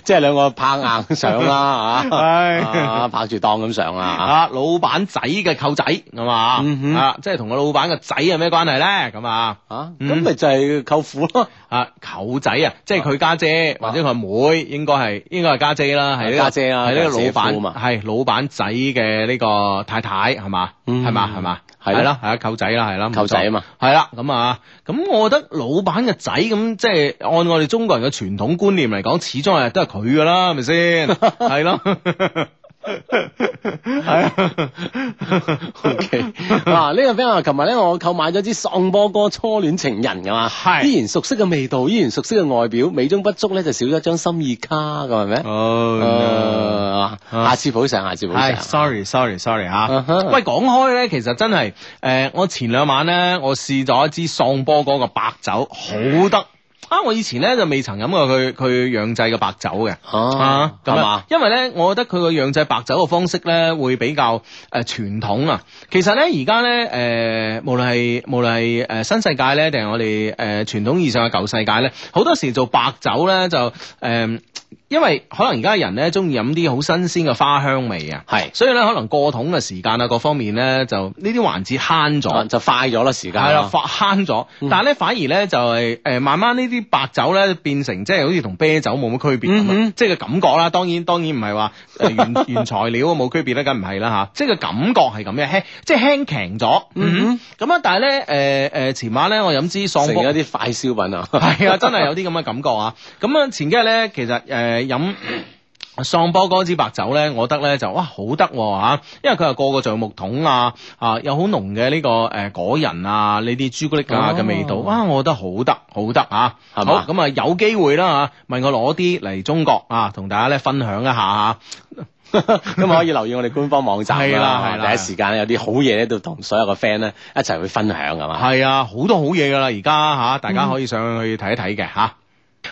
即係兩個拍硬上啦，吓，拍住檔咁上啦，吓，老闆仔嘅舅仔，咁啊，啊，即係同個老闆個仔有咩關係咧？咁啊，啊，咁咪就係舅父咯，啊，舅仔啊，即係佢家姐或者佢阿妹，應該係應該係家姐啦，係家姐啊，係呢個老闆，係老闆仔嘅呢個太太，係嘛，係嘛，係嘛。係啦，係啊，舅仔啦，係啦，舅仔啊嘛，係啦，咁啊，咁我覺得老闆嘅仔咁，即係按我哋中國人嘅傳統觀念嚟講，始終係都係佢噶啦，係咪先？係咯。係啊，OK 嗱，呢個 friend 啊，琴日咧我購買咗支喪波哥初戀情人噶嘛，依然熟悉嘅味道，依然熟悉嘅外表，美中不足咧就少咗張心意卡，係咪咩？下次補償，下次補償。sorry，sorry，sorry 吓。喂，講開咧，其實真係誒、呃，我前兩晚咧，我試咗一支喪波哥嘅白酒，好得。啊！我以前咧就未曾飲過佢佢釀製嘅白酒嘅，嚇，咁啊，啊嗎因為咧，我覺得佢個釀製白酒嘅方式咧，會比較誒、呃、傳統啊。其實咧，而家咧誒，無論係無論係誒新世界咧，定係我哋誒、呃、傳統以上嘅舊世界咧，好多時做白酒咧就誒。呃因為可能而家人咧中意飲啲好新鮮嘅花香味啊，係，所以咧可能過桶嘅時間啊，各方面咧就呢啲環節慳咗，就快咗啦時間，係啦，快慳咗。但係咧反而咧就係誒慢慢呢啲白酒咧變成即係好似同啤酒冇乜區別咁啊，即係個感覺啦。當然當然唔係話原原材料冇區別咧，梗唔係啦吓，即係個感覺係咁嘅，輕即係輕強咗。嗯，咁啊，但係咧誒誒前晚咧我飲支喪，成一啲快消品啊，係啊，真係有啲咁嘅感覺啊。咁啊前幾日咧其實誒。飲桑波嗰支白酒咧，我覺得咧就哇好得、啊、吓，因為佢係個個橡木桶啊，啊有好濃嘅呢個誒果仁啊呢啲朱古力啊嘅味道，哇、哦啊、我覺得好得好得、啊、吓，吧好，咁啊有機會啦吓，問我攞啲嚟中國啊，同大家咧分享一下吓，咁、啊、 可以留意我哋官方網站啦，第一時間有啲好嘢咧，都同所有嘅 friend 咧一齊去分享噶嘛，係啊好多好嘢噶啦而家吓，大家可以上去睇一睇嘅吓。啊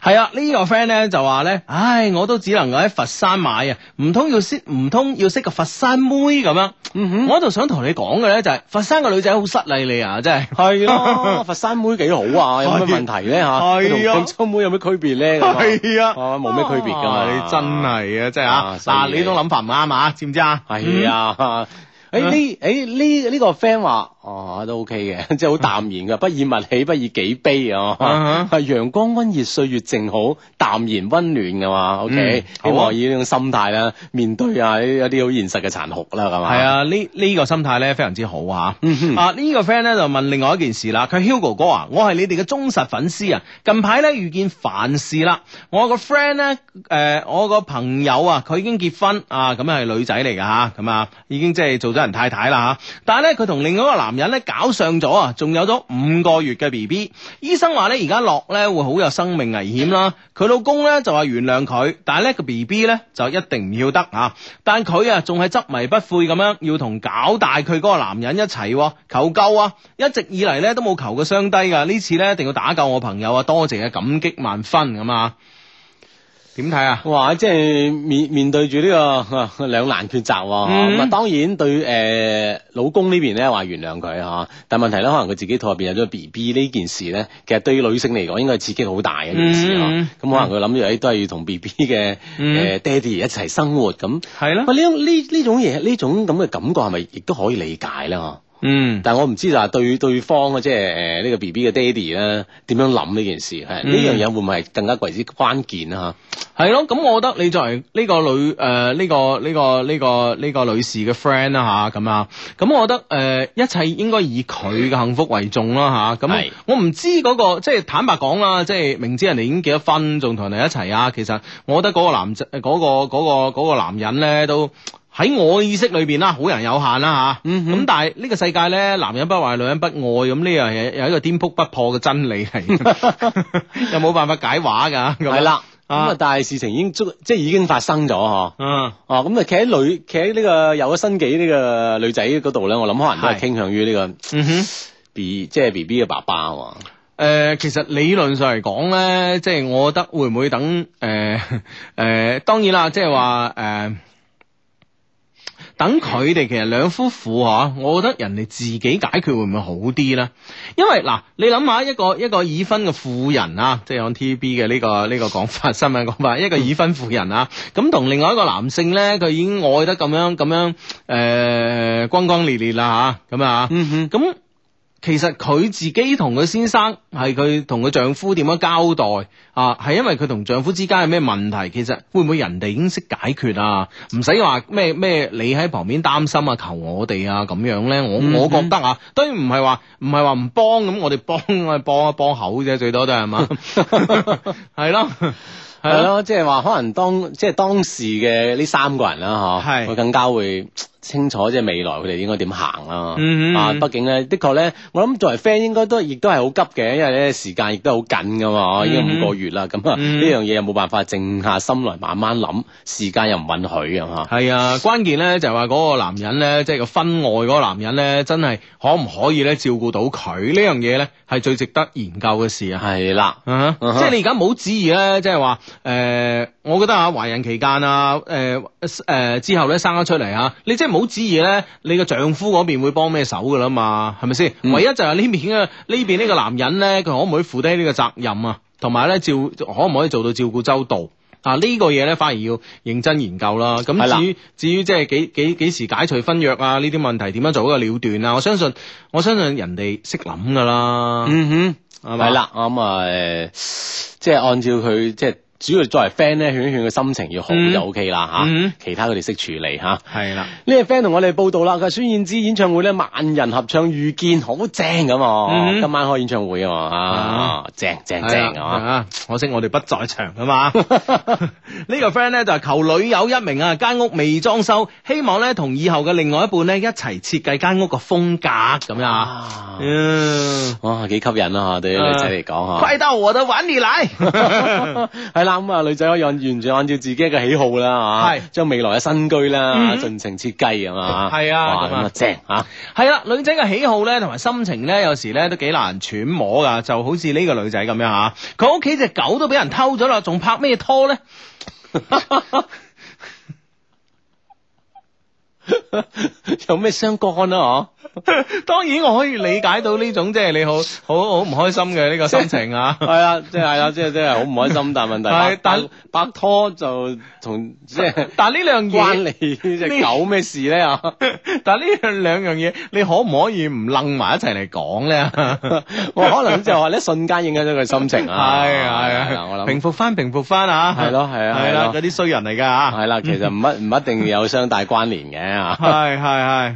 係啊，呢個 friend 咧就話咧，唉，我都只能夠喺佛山買啊，唔通要識，唔通要識個佛山妹咁樣。嗯哼，我就想同你講嘅咧就係，佛山個女仔好失禮你啊，真係。係咯，佛山妹幾好啊，有咩問題咧吓？係啊，同廣州妹有咩區別咧？係啊，冇咩區別噶嘛，你真係啊，真係啊，嗱，你呢種諗法唔啱啊，知唔知啊？係啊，誒呢，誒呢呢個 friend 話。哦，都 OK 嘅，即係好淡然噶，不以物喜，不以己悲啊！係陽光溫熱，歲月正好，淡然溫暖噶嘛？OK，希望以呢種心態咧，面對啊一啲好現實嘅殘酷啦，係嘛？係啊，呢呢個心態咧非常之好啊！啊，呢個 friend 咧就問另外一件事啦，佢 Hugo 哥啊，我係你哋嘅忠實粉絲啊！近排咧遇見凡事啦，我個 friend 咧，誒，我個朋友啊，佢已經結婚啊，咁係女仔嚟噶吓，咁啊，已經即係做咗人太太啦吓，但係咧佢同另外一個男人咧搞上咗啊，仲有咗五個月嘅 B B，醫生話咧而家落咧會好有生命危險啦。佢老公咧就話原諒佢，但係咧個 B B 咧就一定唔要得啊。但佢啊仲係執迷不悔咁樣要同搞大佢嗰個男人一齊求救，啊！一直以嚟咧都冇求過上帝噶，呢次咧一定要打救我朋友啊！多謝啊，感激萬分咁啊！點睇啊？哇！即係面面對住呢、呢個、啊、兩難抉擇，咁啊，嗯、當然對誒、呃、老公呢邊咧，話原諒佢吓、啊。但係問題咧，可能佢自己肚入邊有咗 B B 呢件事咧，其實對於女性嚟講，應該刺激好大嘅件事嗬。咁、嗯啊嗯、可能佢諗住誒，都係要同 B B 嘅誒爹哋一齊生活咁。係啦。咁呢呢呢種嘢，呢種咁嘅感覺係咪亦都可以理解咧？嗯，但係我唔知就係對對方啊，即係誒、呃，這個、呢個 B B 嘅爹地咧，點樣諗呢件事？係呢樣嘢會唔會係更加為之關鍵咧？吓，係咯。咁、嗯、我覺得你作為呢個女誒呢、呃這個呢、這個呢、這個呢、這個女士嘅 friend 啦吓，咁、嗯、啊，咁、嗯、我覺得誒、呃、一切應該以佢嘅幸福為重啦吓。咁、嗯、是我唔知嗰、那個即係坦白講啦，即係明知人哋已經結咗婚，仲同人哋一齊啊。其實我覺得嗰個男仔，呃，那個、那個、那個那個男人咧都。喺我嘅意識裏邊啦，好、啊、人有限啦吓，咁、啊嗯、哼但係呢個世界咧，男人不壞，女人不愛，咁呢樣嘢，有一個顛撲不破嘅真理係，又冇 是嗎 辦法解畫噶係啦，咁、嗯、哼那啊，但係事情已經即係、就是、已經發生咗嗬。嗯哼，哦、嗯，咁、就是、啊，企喺女，企喺呢個有咗身紀呢個女仔嗰度咧，我諗可能都係傾向於呢、這個，是 嗯、哼，B 即係 B B 嘅爸爸啊誒、嗯呃，其實理論上嚟講咧，即、就、係、是、我覺得會唔會等誒誒、呃 呃，當然啦，即係話誒。呃等佢哋其實兩夫婦啊，我覺得人哋自己解決會唔會好啲咧？因為嗱、啊，你諗下一個一個已婚嘅婦人啊，即係按 T V B 嘅呢個呢個講法，新聞講法，一個已婚婦人啊，咁同、這個這個啊、另外一個男性咧，佢已經愛得咁樣咁樣誒，轟、呃、轟烈烈啦吓，咁啊，啊嗯哼，咁、嗯。其實佢自己同佢先生係佢同佢丈夫點樣交代啊？係因為佢同丈夫之間有咩問題？其實會唔會人哋已經識解決啊？唔使話咩咩，你喺旁邊擔心啊，求我哋啊咁樣咧？我我覺得啊，當然唔係話唔係話唔幫咁，幫我哋幫啊幫一幫口啫，最多都係嘛？係 咯，係咯，咯，即係話可能當即係當時嘅呢三個人啦，啊，嗬是，係佢更加會。清楚即係未來佢哋應該點行啦，啊，畢竟咧的確咧，我諗作為 friend 應該都亦都係好急嘅，因為咧時間亦都好緊噶嘛，已經五個月啦，咁啊呢樣嘢又冇辦法靜下心來慢慢諗，時間又唔允許啊，吓。係啊，關鍵咧就係話嗰個男人咧，即係個婚外嗰個男人咧，真係可唔可以咧照顧到佢呢樣嘢咧，係最值得研究嘅事啊。係啦，即係你而家冇好質疑咧，即係話誒，我覺得啊，懷孕期間啊，誒誒之後咧生咗出嚟啊，你即唔好指意咧，你個丈夫嗰邊會幫咩手噶啦嘛？係咪先？嗯、唯一就係呢邊啊，呢邊呢個男人咧，佢可唔可以負低呢個責任啊？同埋咧，照可唔可以做到照顧周到啊？這個、呢個嘢咧，反而要認真研究啦。咁至於是的 至於即係幾幾幾時解除婚約啊？呢啲問題點樣做一個了斷啊？我相信我相信人哋識諗噶啦。嗯哼吧，係咪？係啦，咁啊，即係按照佢即係。主要作為 friend 咧，勸一勸嘅心情要好就 OK 啦嚇，其他佢哋識處理嚇。係啦，呢個 friend 同我哋報道啦，佢孫燕姿演唱會咧萬人合唱遇見，好正咁。今晚開演唱會啊嚇，正正正啊！可惜我哋不在場啊嘛。呢個 friend 咧就係求女友一名啊，間屋未裝修，希望咧同以後嘅另外一半咧一齊設計間屋個風格咁樣啊。哇，幾吸引啊！對於女仔嚟講嚇。快到我都碗你嚟。係啦。咁啊，女仔可以按完全按照自己嘅喜好啦，啊，將未來嘅新居啦，盡情設計啊嘛，係棒啊，哇，咁啊正吓，係啦，女仔嘅喜好咧，同埋心情咧，有時咧都幾難揣摩噶，就好似呢個女仔咁樣吓，佢屋企隻狗都俾人偷咗啦，仲拍咩拖咧？ 有咩相干啊？嗬！當然我可以理解到呢種即係你好好好唔開心嘅呢個心情啊。係啊，即係啊，即係即係好唔開心。但係問題拍，但拍拖就同即係，但呢兩件關你隻狗咩事咧啊？但呢兩樣嘢，你可唔可以唔楞埋一齊嚟講咧？我可能就話咧瞬間影響咗佢心情啊。係啊係啊，我諗平復翻平復翻啊。係咯係啊係啦，嗰啲衰人嚟噶啊。係啦，其實唔一唔一定有相大關聯嘅。係係係，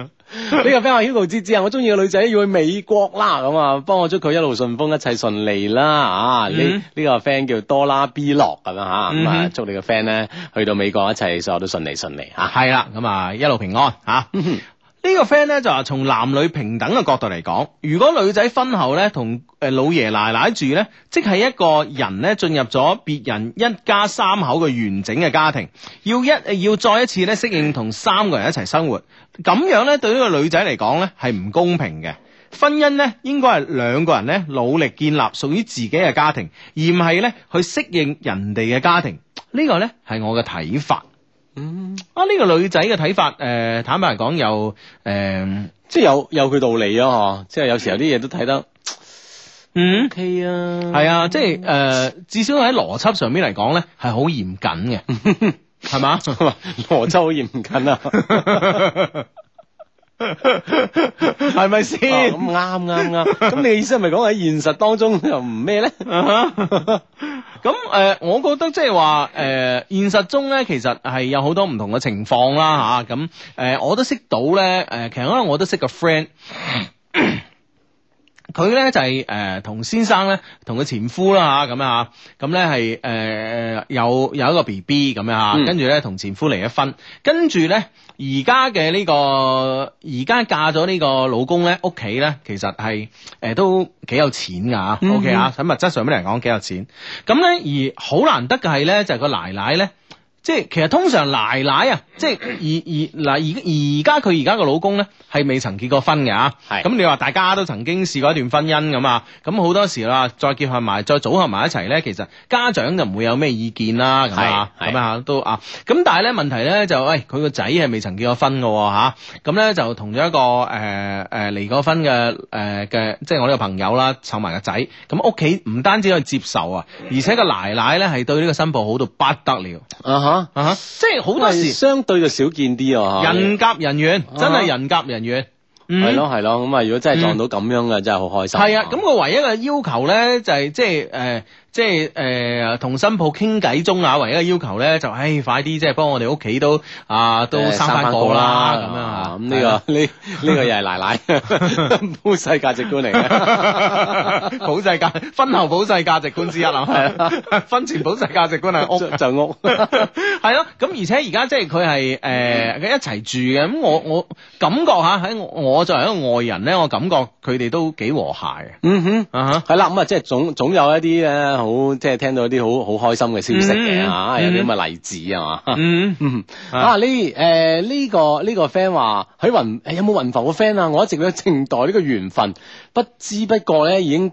呢 個 friend 話 Hugo 之之啊，我中意嘅女仔要去美國啦，咁啊，幫我祝佢一路順風，一切順利啦，mm hmm. 啊！呢、這、呢個 friend 叫多啦 B 洛咁樣吓，咁啊，mm hmm. 祝你個 friend 咧去到美國一切所有都順利順利啊！係啦， 咁啊，一路平安吓。啊 呢個 friend 咧就話，從男女平等嘅角度嚟講，如果女仔婚後咧同誒老爺奶奶住咧，即係一個人咧進入咗別人一家三口嘅完整嘅家庭，要一要再一次咧適應同三個人一齊生活，咁樣咧對呢個女仔嚟講咧係唔公平嘅。婚姻咧應該係兩個人咧努力建立屬於自己嘅家庭，而唔係咧去適應人哋嘅家庭。呢個咧係我嘅睇法。嗯、啊這個呃呃，啊呢個女仔嘅睇法，誒坦白嚟講又誒，即係有有佢道理咯，嗬，即係有時候啲嘢都睇得， 嗯，O K 啊，係 啊，即係誒、呃，至少喺邏輯上面嚟講咧，係好嚴謹嘅，係 嘛吧， 邏輯好嚴謹啊。 係咪先？咁啱啱啱。咁你嘅意思係咪講喺現實當中又唔咩咧？咁誒，我覺得即係話誒，現實中咧其實係有好多唔同嘅情況啦吓。咁、啊、誒、嗯呃，我都識到咧。誒、呃，其實可能我都識個 friend。 佢咧就係誒同先生咧同佢前夫啦吓咁樣吓，咁咧係誒有有一個 B B 咁樣吓，跟住咧同前夫離咗婚，跟住咧而家嘅呢、這個而家嫁咗呢個老公咧屋企咧其實係誒、呃、都幾有錢噶吓，OK 啊喺物質上面嚟講幾有錢，咁咧而好難得嘅係咧就係、是、個奶奶咧。即係其實通常奶奶啊，即係而而嗱而而家佢而家個老公咧係未曾結過婚嘅啊。係咁是、嗯、你話大家都曾經試過一段婚姻咁啊，咁、嗯、好多時啦再結合埋再組合埋一齊咧，其實家長就唔會有咩意見啦，咁啊嚇都啊。咁、嗯是嗯、但係咧問題咧就喂佢個仔係未曾結過婚嘅喎嚇，咁咧就同咗一個誒誒、呃呃、離過婚嘅誒嘅即係我呢個朋友啦湊埋個仔，咁屋企唔單止可以接受啊，而且個奶奶咧係對呢個新抱好到不得了啊嚇。 啊！Uh huh. 即係好多時相對就少見啲，人夾人緣，uh huh. 真係人夾人緣。係咯，係咯，咁 啊、mm hmm.！如果真係撞到咁樣嘅，mm hmm. 真係好開心。係啊，咁、那、我、個、唯一嘅要求咧，就係、是、即係誒。呃即係誒，同新抱傾偈中啊，唯一嘅要求咧就，誒，快啲即係幫我哋屋企都啊，都生翻個啦咁樣啊。咁呢個呢呢個又係奶奶普世價值觀嚟嘅，普世價婚後普世價值觀之一啊，係婚前普世價值觀係屋就屋，係咯。咁而且而家即係佢係誒一齊住嘅，咁我我感覺吓喺我作為一個外人咧，我感覺佢哋都幾和諧嘅。嗯哼，啊吓，係啦，咁啊，即係總總有一啲嘅。好即係，聽到一啲好好開心嘅消息嘅。吓、mm hmm. 啊哎，有啲咁嘅例子啊嘛。啊呢誒呢個呢個 friend 話喺雲誒有冇雲浮嘅 friend 啊？我一直都喺靜待呢個緣、這個、分，不知不覺咧已經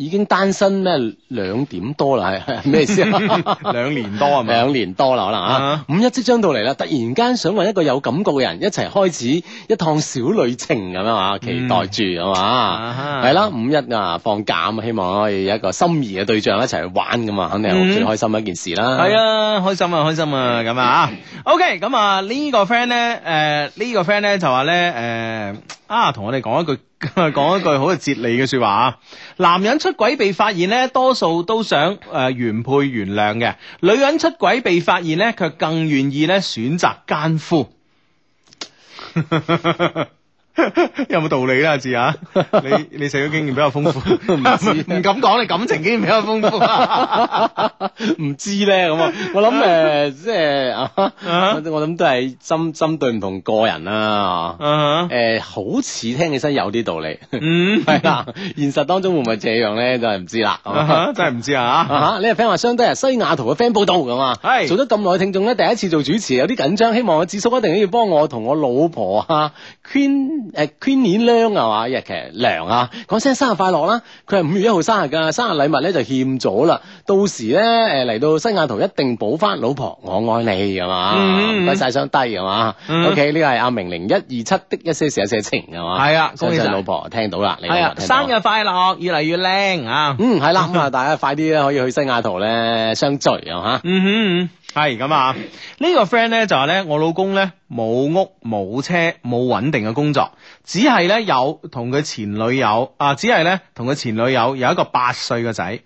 已經單身咩兩點多啦，係咩意思啊？ 兩年多啊，係咪？兩年多啦，可能啊。Uh huh. 五一即將到嚟啦，突然間想揾一個有感覺嘅人一齊開始一趟小旅程咁樣啊，期待住係嘛？係啦、uh huh. 啊，五一啊放假咁，希望可以有一個心儀嘅對象一齊去玩咁啊，肯定係好開心一件事啦。係、uh huh. 啊，開心啊，開心啊，咁啊，、uh huh. 啊 OK，咁、呃這個呃、啊呢個 friend 咧，誒呢個 friend 咧就話咧，誒啊同我哋講一句。咁啊，講 一句好哲理嘅說話啊，男人出軌被發現咧，多數都想誒、呃、原配原諒嘅；女人出軌被發現咧，卻更願意咧選擇奸夫。 有冇道理啊？志啊！你你社會經驗比較豐富，唔 知道、啊， 唔敢講你感情經驗比較豐富，啊 呢，唔知咧咁啊！我諗誒，即係啊，我我諗都係針針對唔同個人啊。誒、uh huh。啊，好似聽起身有啲道理。嗯、uh，係啊。現實當中會唔會這樣咧？就係唔知啦。真係唔知啊！吓、uh，huh。 你個 friend 話相對啊，西雅圖嘅 friend 報道咁啊，係做咗咁耐嘅聽眾咧，第一次做主持有啲緊張，希望阿志叔一定要幫我同我老婆啊，Queen。誒，Queenie 娘係嘛，日劇娘啊，講聲生日快樂啦！佢係五月一號生日噶，生日禮物咧就欠咗啦。到時咧，誒嚟到西雅圖一定補翻老婆，我愛你係嘛，唔使晒想低係嘛。OK，呢個係阿明零一二七的一些事一些情係嘛。係啊，多謝老婆聽到啦，係啊，生日快樂，越嚟越靚啊！嗯，係啦，咁啊，大家快啲咧可以去西雅圖咧相聚啊吓。嗯哼。係咁啊！呢個 friend 咧就係咧，我老公咧冇屋冇車冇穩定嘅工作，只係咧有同佢前女友啊，只係咧同佢前女友有一個八歲嘅仔。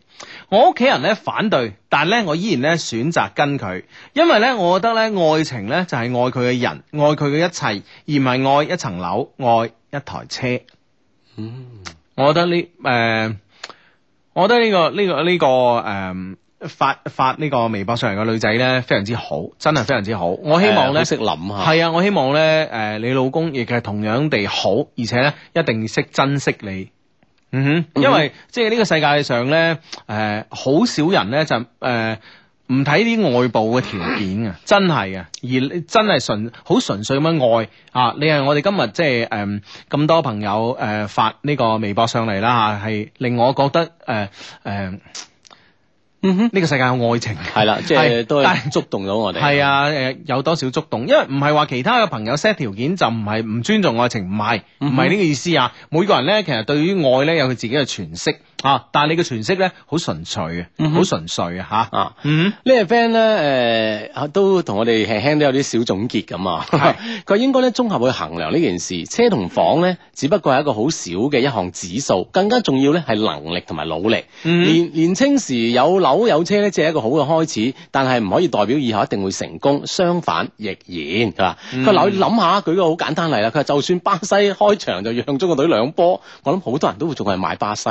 我屋企人咧反對，但係咧我依然咧選擇跟佢，因為咧我覺得咧愛情咧就係愛佢嘅人，愛佢嘅一切，而唔係愛一層樓，愛一台車。嗯，我覺得呢誒，我覺得呢個呢個呢個誒。呃發發呢個微博上嚟嘅女仔咧，非常之好，真係非常之好。我希望咧，識諗下係、呃、啊，我希望咧，誒、呃，你老公亦係同樣地好，而且咧一定識珍惜你。嗯哼，因為、嗯、哼即係呢個世界上咧，誒、呃，好少人咧就誒唔睇啲外部嘅條件啊，真係啊，而真係純好純粹咁樣愛啊。你係我哋今日即係誒咁多朋友誒、呃、發呢個微博上嚟啦吓，係、啊、令我覺得誒誒。呃呃呃呃嗯哼，呢個世界有愛情，係啦，即係都係觸動咗我哋。係啊是，誒是有多少觸動？因為唔係話其他嘅朋友 set 條件就唔係唔尊重愛情，唔係唔係呢個意思啊！每個人咧，其實對於愛咧有佢自己嘅詮釋。啊！但係你嘅詮釋咧，好純粹，好、嗯、哼純粹啊！嚇啊！呢位 friend 咧，誒都同我哋輕輕都有啲小總結咁啊。佢是應該咧綜合去衡量呢件事，車同房咧，只不過係一個好少嘅一項指數，更加重要咧係能力同埋努力。嗯、年年青時有樓有車咧，只係一個好嘅開始，但係唔可以代表以後一定會成功，相反亦然，係嘛？佢諗諗下，佢、嗯、舉一個好簡單例啦。佢話就算巴西開場就讓中國隊兩波，我諗好多人都會仲係買巴西。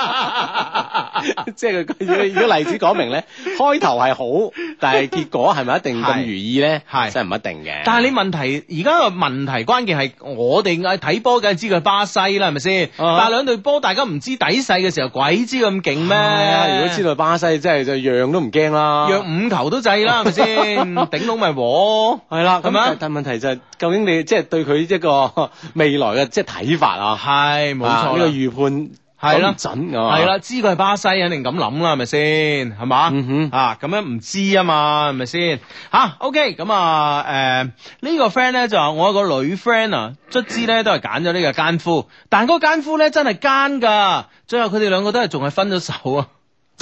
即係佢，如果例子講明咧，開頭係好，但係結果係咪一定咁如意咧？係真係唔一定嘅。但係你問題而家個問題關鍵係我哋睇波梗係知佢巴西啦，係咪先？ 但係兩隊波，大家唔知底細嘅時候，鬼知咁勁咩？如果知道巴西，真係就讓、是、都唔驚啦，讓 五球都制啦，係咪先？頂攏咪和係啦，係咪了？嗎但問題就係、究竟你即係、就是、對佢一個未來嘅即係睇法啊？係冇錯呢個預判。係啦，準噶，係啦、啊，知佢係巴西，肯定咁諗啦，係咪先？係、嗯哼啊、嘛係咪？啊、咁、OK，咁樣唔知啊嘛，係咪先？吓，OK，咁啊，誒、呃，這個、呢個 friend 咧就我一個女 friend 啊，卒之咧都係揀咗呢個奸夫，但係嗰奸夫咧真係奸噶，最後佢哋兩個都係仲係分咗手啊。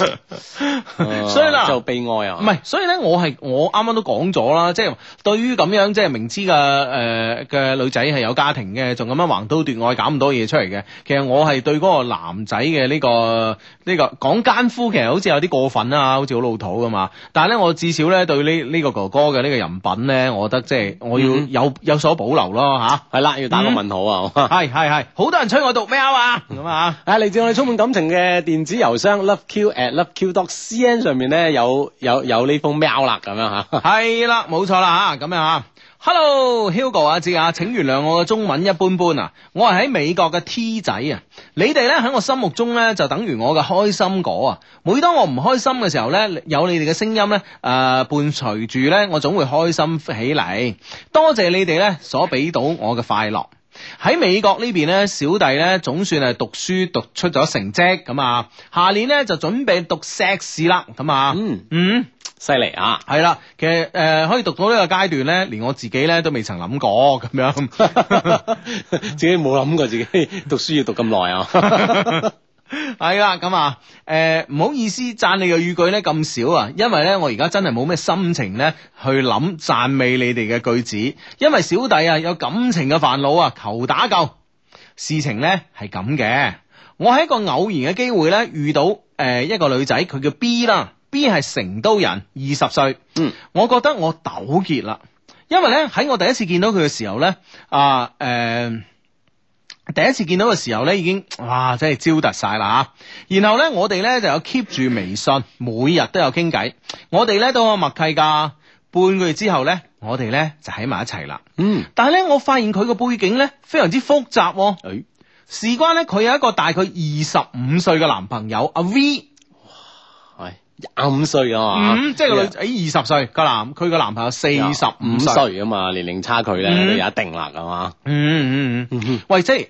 啊、 所以啦呢，就被愛啊，唔係，所以咧，我係我啱啱都講咗啦，即、就、係、是、對於咁樣，即、就、係、是、明知嘅誒嘅女仔係有家庭嘅，仲咁樣橫刀奪愛，搞咁多嘢出嚟嘅，其實我係對嗰個男仔嘅呢個。呢個講奸夫其實好似有啲過分啊，好似好老土噶嘛。但係咧，我至少咧對呢呢個哥哥嘅呢個人品咧，我覺得即係我要有、嗯、有，有所保留咯，吓係啦，要打個問號啊。係係係，好多人催我讀喵啊，咁 啊吓。嚟自我哋充滿感情嘅電子郵箱 loveq@loveq.cn 上面咧有有有呢封喵、啊 啊、啦，咁、啊、樣吓、啊。係啦，冇錯啦，吓咁樣吓。Hello，Hugo 阿姐啊，請原諒我嘅中文一般般啊，我係喺美國嘅 T 仔啊，你哋咧喺我心目中咧就等於我嘅開心果啊，每當我唔開心嘅時候咧，有你哋嘅聲音咧，誒、呃、伴隨住咧，我總會開心起嚟，多謝你哋咧所俾到我嘅快樂。喺美國呢邊咧，小弟咧總算係讀書讀出咗成績咁啊，下年咧就準備讀碩士啦，咁啊，嗯，嗯，犀利啊，係啦，其實誒、呃、可以讀到呢個階段咧，連我自己咧都未曾諗過咁樣， 自己冇諗過自己讀書要讀咁耐啊。 係啦，咁啊，誒、嗯，唔好意思，贊你嘅語句咧咁少啊，因為咧我而家真係冇咩心情咧去諗讚美你哋嘅句子，因為小弟啊有感情嘅煩惱啊，求打救。事情咧係咁嘅，我喺一個偶然嘅機會咧遇到誒一個女仔，佢叫 B 啦，B 係成都人，二十歲，嗯，我覺得我糾結啦，因為咧喺我第一次見到佢嘅時候咧，啊、呃，誒、呃。第一次見到嘅時候呢，已經哇真係招突晒啦。然後呢，我哋呢就有 keep 住微信，每日都有傾偈。我哋呢都係默契噶。半個月之後呢，我哋呢就喺埋一齊啦。嗯，但係呢，我發現佢個背景呢非常之複雜喎。誒、哎，事關呢，佢有一個大概二十五歲嘅男朋友阿 V。廿五歲啊嘛，嗯、即係個女仔。二十歲個男，佢個他男朋友四十五歲啊嘛，年齡差距咧有一定啦，係嘛、嗯？嗯嗯嗯嗯，嗯 喂，即係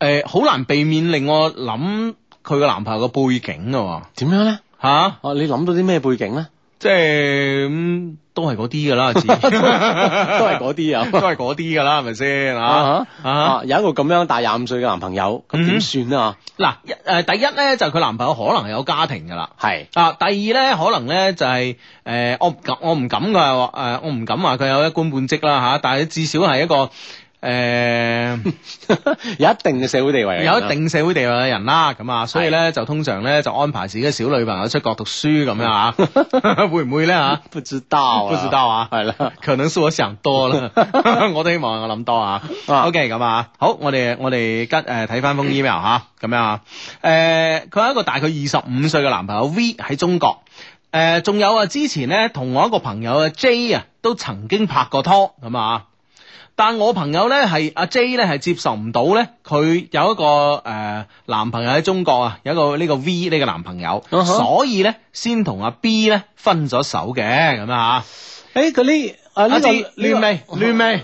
誒，好、呃、難避免令我諗佢個男朋友個背景咯，點樣咧？吓、啊啊，你諗到啲咩背景咧？即係咁、嗯，都係嗰啲噶啦， 都係嗰啲啊， 都係嗰啲噶啦，係咪先吓？啊，有一個咁樣大廿五歲嘅男朋友，咁點算啊？嗱、mm，一誒，第一咧就係、是、佢男朋友可能係有家庭噶啦，係是啊。第二咧可能咧就係、是、誒、呃，我我唔敢噶，誒，我唔敢話佢、呃、有一官半職啦吓，但係至少係一個。誒，欸、 有一定嘅社會地位有、啊，有一定社會地位嘅人啦、啊，咁啊，所以咧的就通常咧就安排自己嘅小女朋友出國讀書咁樣啊， 會唔會咧啊？不知道，不知道啊，係啦、啊，可能是我想多啦，我都希望我諗多啊。 OK，咁啊，好，我哋我哋跟誒睇翻封 email 吓、啊，咁樣啊，誒、呃，佢有一個大概二十五歲嘅男朋友 V 喺中國，誒、呃，仲有啊，之前咧同我一個朋友啊 J 啊，都曾經拍過，過拖咁啊。啊啊但我朋友咧，係阿 J 咧，係接受唔到咧，佢有一個誒、呃、男朋友喺中國啊，有一個呢、呢個 V 呢個男朋友，uh huh. 所以咧先同阿 B 咧分咗手嘅咁樣吓。誒嗰啲啊呢度亂味亂味。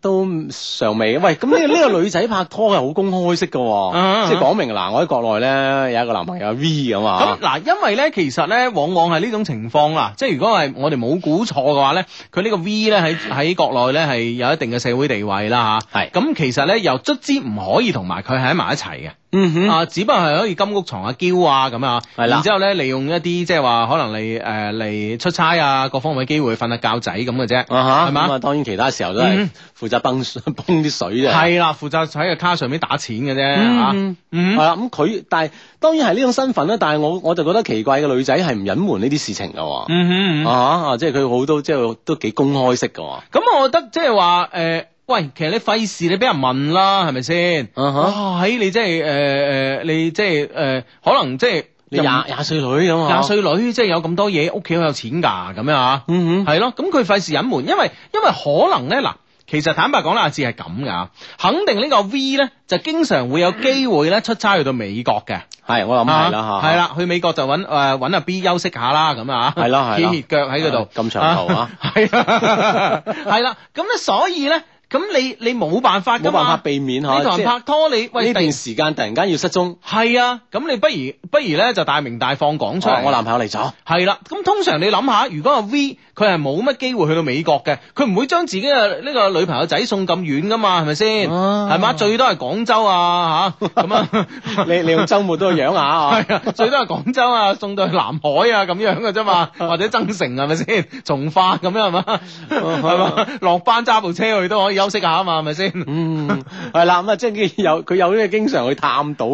都尚未喂，咁呢呢個女仔拍拖係好公開式嘅，即係講明啦。我喺國內咧有一個男朋友 V 咁啊咁嗱，因為咧其實咧往往係呢種情況啦、啊，即係如果係我哋冇估錯嘅話咧，佢呢個 V 咧喺喺國內咧係有一定嘅社會地位啦、啊、嚇。係咁是，啊、其實咧又卒之唔可以同埋佢喺埋一齊嘅。嗯、哼啊，只不過係可以金屋藏阿嬌啊咁啊。係啦，然的之後咧利用一啲即係話可能你誒嚟出差啊，各方面嘅機會瞓下覺仔咁嘅啫。啊哈著，係嘛、啊？當然其他時候都係。嗯負責泵泵啲水啫，係啦，負責喺個卡上面打錢嘅啫，吓，係啦，咁佢，但係當然係呢種身份啦，但係我我就覺得奇怪嘅女仔係唔隱瞞呢啲事情噶、啊嗯哼嗯啊，嗯啊即係佢好多即係、就是、都幾公開式噶，咁我覺得即係話誒，喂、欸，其實你費事你俾人問啦，係咪先？喺你即係誒誒，你即係誒、呃呃，可能即係廿廿歲女咁嘛？廿歲女即係有咁多嘢，屋企好有錢噶，咁樣啊嗯哼，嗯嗯，係咯，咁佢費事隱瞞，他因為因為可能咧嗱。其實坦白講啦，阿志係咁噶，肯定呢個 V 咧就經常會有機會咧出差去到美國嘅。係我諗係啦吓，係啦去美國就揾誒揾阿 B 休息下啦咁啊吓。係咯係咯，歇腳喺嗰度咁長頭啊。係啦，係啦。咁咧所以咧，咁你你冇辦法噶嘛？冇辦法避免吓。你同人拍拖，你喂呢段時間突然間要失蹤。係啊，咁你不如不如咧就大鳴大放講出嚟，我男朋友嚟咗。係啦，咁通常你諗下，如果阿 V。佢係冇乜機會去到美國嘅，佢唔會將自己嘅呢個女朋友仔送咁遠噶嘛，係咪先？係嘛、啊，最多係廣州啊吓，咁啊，啊 你你用周末都去養下啊，啊，最多係廣州啊，送到去南海啊咁樣嘅啫嘛，啊啊、 或者增城係咪先？從化咁樣係嘛，係嘛、啊啊， 落班揸部車去都可以休息下啊嘛，係咪先？嗯，係啦，咁、嗯、啊，即係有佢有呢，經常去探到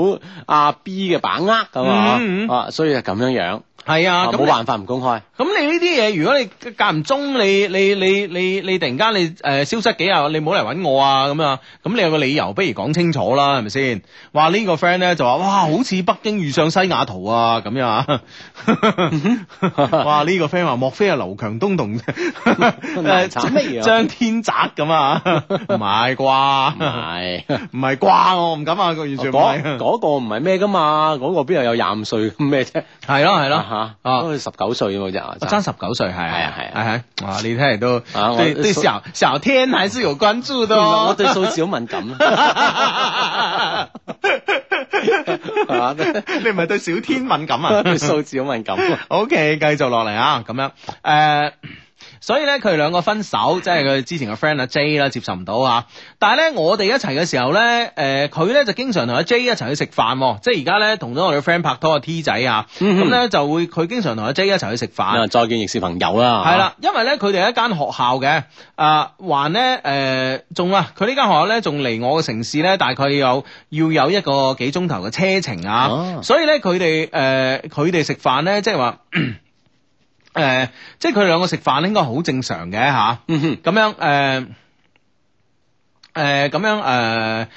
阿 B 嘅把握咁啊，所以係咁樣樣。係啊，冇辦法唔公開。咁你呢啲嘢，如果你間唔中，你你你你你突然間你誒、呃、消失幾日，你冇嚟揾我啊咁樣。咁你有個理由，不如講清楚啦，係咪先？話呢、這個 friend 咧就話，哇，好似北京遇上西雅圖啊咁樣啊。 哇，呢、這個 friend 話，莫非係劉強東同誒咩張天澤咁啊？唔係啩？唔係唔係啩？我唔敢啊，個完全偉。嗰嗰個唔係咩噶嘛？嗰、那個邊度有廿五歲咩啫？係咯係咯。 吓，啊，都係十九歲嘅啫，差十九歲係啊係啊係啊，哇、啊啊啊，你睇嚟都對對、啊、小小天還是有關注的、哦、我對數字好敏感，啊 你唔係對小天敏感啊？ 對數字好敏感。 OK，繼續落嚟啊，咁樣，誒、呃。所以咧，佢哋兩個分手，即係佢之前個 friend 阿 J 啦，接受唔到啊！但係咧，我哋一齊嘅時候咧，誒、呃，佢咧就經常同阿 J 一齊去食飯喎。即係而家咧，同咗我哋 friend 拍拖啊 T 仔啊，咁、嗯、咧、嗯、哼就會佢經常同阿 J 一齊去食飯。再見亦是朋友啦。係啦，因為咧，佢哋係一間學校嘅，啊、呃，還咧，誒、呃，仲啊，佢呢間學校咧，仲離我嘅城市咧，大概要有要有一個幾鐘頭嘅車程啊。所以咧，佢哋誒，佢哋食飯咧，即係話。誒、呃，即係佢哋兩個食飯應該好正常嘅吓，嗯、啊、哼，咁 樣誒，誒、呃，咁樣誒。呃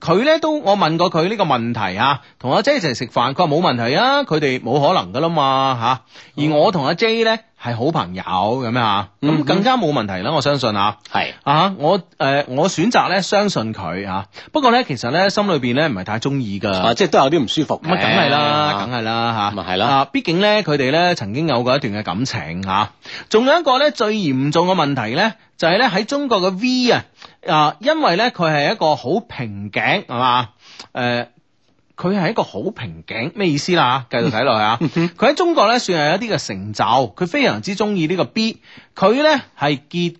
佢咧都我問過佢呢個問題啊，同阿 J 一齊食飯，佢話冇問題啊，佢哋冇可能噶啦嘛吓、啊。而我同阿 J 咧係好朋友咁樣啊，咁、啊、更加冇問題啦，我相信啊。係是啊，我誒、呃、我選擇咧相信佢啊。不過咧其實咧心裏邊咧唔係太中意噶，即係都有啲唔舒服。咁梗係啦，梗係啦吓。係啦、啊。畢、啊啊啊、竟咧佢哋咧曾經有過一段嘅感情吓。仲、啊、有一個咧最嚴重嘅問題咧就係咧喺中國嘅 V 啊。啊，因為咧佢係一個好瓶頸，係嘛？誒、呃，佢係一個好瓶頸，咩意思啦？繼續睇落去啊！佢喺 中國咧算係一啲嘅成就，佢非常之中意呢個 B，佢咧係結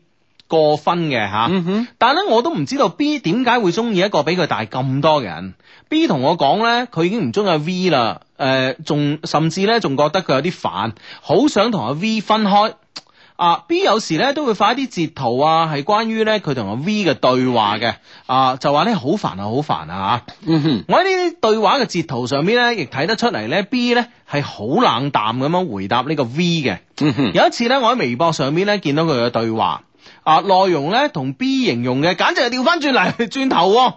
過婚嘅吓，但係咧我都唔知道 B 點解會中意一個比佢大咁多嘅人 ？B 同我講咧，佢已經唔中意阿 V 啦，誒、呃，仲甚至咧仲覺得佢有啲煩，好想同阿 V 分開。啊、uh, B 有時咧都會發一啲截圖啊，係關於咧佢同阿 V 嘅對話嘅，啊就話咧好煩啊好煩啊吓，嗯、哼我喺呢啲對話嘅截圖上邊咧，亦睇得出嚟咧 B 咧係好冷淡咁樣回答呢個 V 嘅，嗯、哼有一次咧我喺微博上邊咧見到佢嘅對話，啊內容咧同 B 形容嘅簡直係調翻轉嚟，轉頭、啊，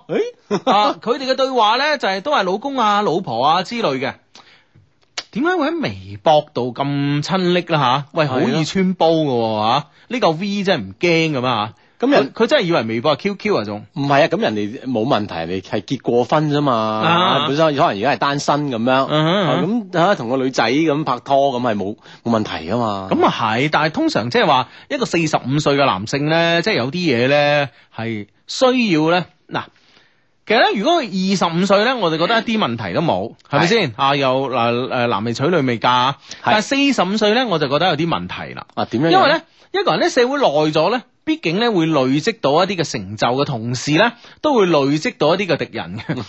誒、 啊，啊佢哋嘅對話咧就係、是、都係老公啊老婆啊之類嘅。點解會喺微博度咁親昵啦吓？喂，好易穿煲㗎喎，吓，呢個 V 真係唔驚咁啊，咁又佢真係以為微博係 QQ 啊仲？唔係啊，咁、啊、人哋冇問題，你係結過婚啫嘛，啊、本身可能而家係單身咁樣，咁同個女仔咁拍拖咁係冇冇問題㗎嘛？咁啊係，但係通常即係話一個四十五歲嘅男性咧，即係有啲嘢咧係需要咧嗱。其實咧，如果佢二十五歲咧，我就覺得一啲問題都冇，係咪先啊？又嗱誒，男未娶，女未嫁。是但係四十五歲咧，我就覺得有啲問題啦。啊，點樣呢因呢？因為咧，一個人喺社會耐咗咧。畢竟咧，會累積到一啲嘅成就嘅同時咧，都會累積到一啲嘅敵人嘅，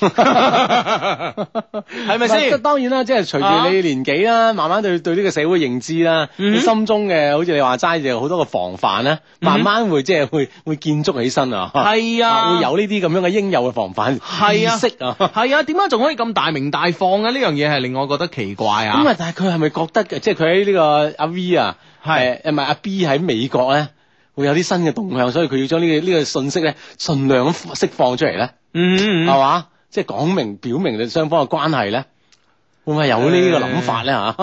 係咪先？當然啦，即係隨住你年紀啦，慢慢對對呢個社會認知啦，你心中嘅好似你話齋，就好多個防範咧，慢慢會即係會會建築起身啊，係啊，會有呢啲咁樣嘅應有嘅防範啊，識啊，係啊，點解仲可以咁大名大放啊？呢樣嘢係令我覺得奇怪啊！咁啊，但係佢係咪覺得嘅？即係佢喺呢個阿 V 啊，係誒唔係阿 B 喺美國咧？會有啲新嘅動向，所以佢要將呢、呢個呢、呢個信息咧，盡量咁釋放出嚟咧，嗯，嗯，係嘛，即係講明表明你雙方嘅關係咧，會唔會有個呢個諗法咧吓？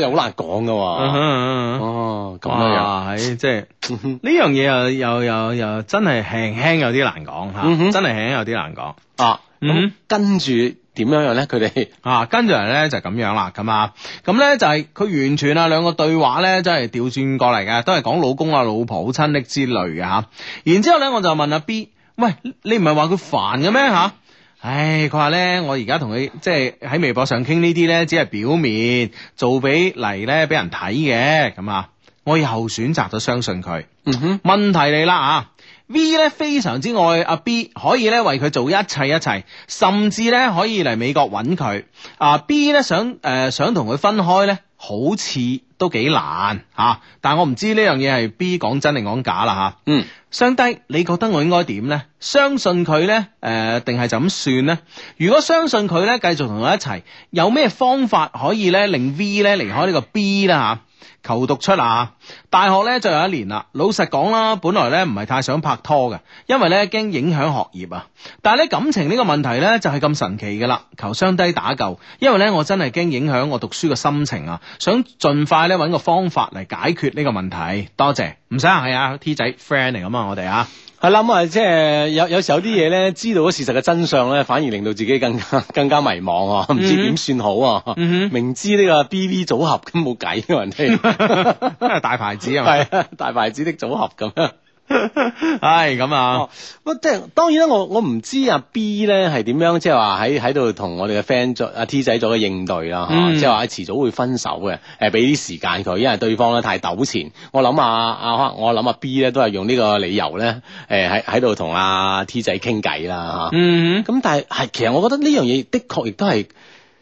又好難講噶，哦，咁啊，即係呢樣嘢又又又又真係輕輕有啲難講吓，真係輕輕有啲難講啊，咁、嗯哼啊、跟住。點樣樣咧？佢哋啊，跟住嚟咧就咁、是、樣啦，咁啊，咁咧就係、是、佢完全啊兩個對話咧，真係調轉過嚟嘅，都係講老公啊、老婆親、啊、昵之類嘅吓、啊。然之後咧，我就問阿 B，喂，你唔係話佢煩嘅咩吓？唉，佢話咧，我而家同佢即係喺微博上傾呢啲咧，只係表面做俾嚟咧俾人睇嘅，咁啊，我又選擇咗相信佢。嗯哼，問題你啦啊！V 咧非常之愛阿 B，可以咧為佢做一切一切，甚至咧可以嚟美國揾佢、呃。啊 B 咧想誒想同佢分開咧，好似都幾難吓。但我唔知呢樣嘢係 B 講真定講假啦吓。啊、嗯，上帝你覺得我應該點呢？相信佢呢誒，定係就咁算呢？如果相信佢呢，繼續同佢一齊，有咩方法可以咧令 V 咧離開呢個 B 呢？吓、啊？求讀出啦、啊，大學咧就有一年啦。老實講啦，本來咧唔係太想拍拖嘅，因為咧驚影響學業啊。但係咧感情呢個問題咧就係、是、咁神奇噶啦，求雙低打救。因為咧我真係驚影響我讀書嘅心情啊，想盡快咧揾個方法嚟解決呢個問題。多謝，唔使係啊，T 仔 friend 嚟噶嘛，我 哋啊，係啦咁啊，即係有有時候有啲嘢咧，知道咗事實嘅真相咧，反而令到自己更加更加迷惘啊，唔 知點算好啊。 明知呢個 B V 組合咁冇計人哋。 大牌子啊，係啊，大牌子的組合咁樣，係、就、咁、是、啊，我即係當然啦，我我唔知阿 B 咧係點樣，即係話喺喺度同我哋嘅 friend 做阿 T 仔做嘅應對啦，吓、啊，即係話遲早會分手嘅，誒、呃，俾啲時間佢，因為對方咧太糾纏，我諗阿啊，我諗阿 B 咧都係用呢個理由咧，誒喺喺度同阿 T 仔傾偈啦，吓、啊，啊、嗯，咁但係係，其實我覺得呢樣嘢的確亦都係。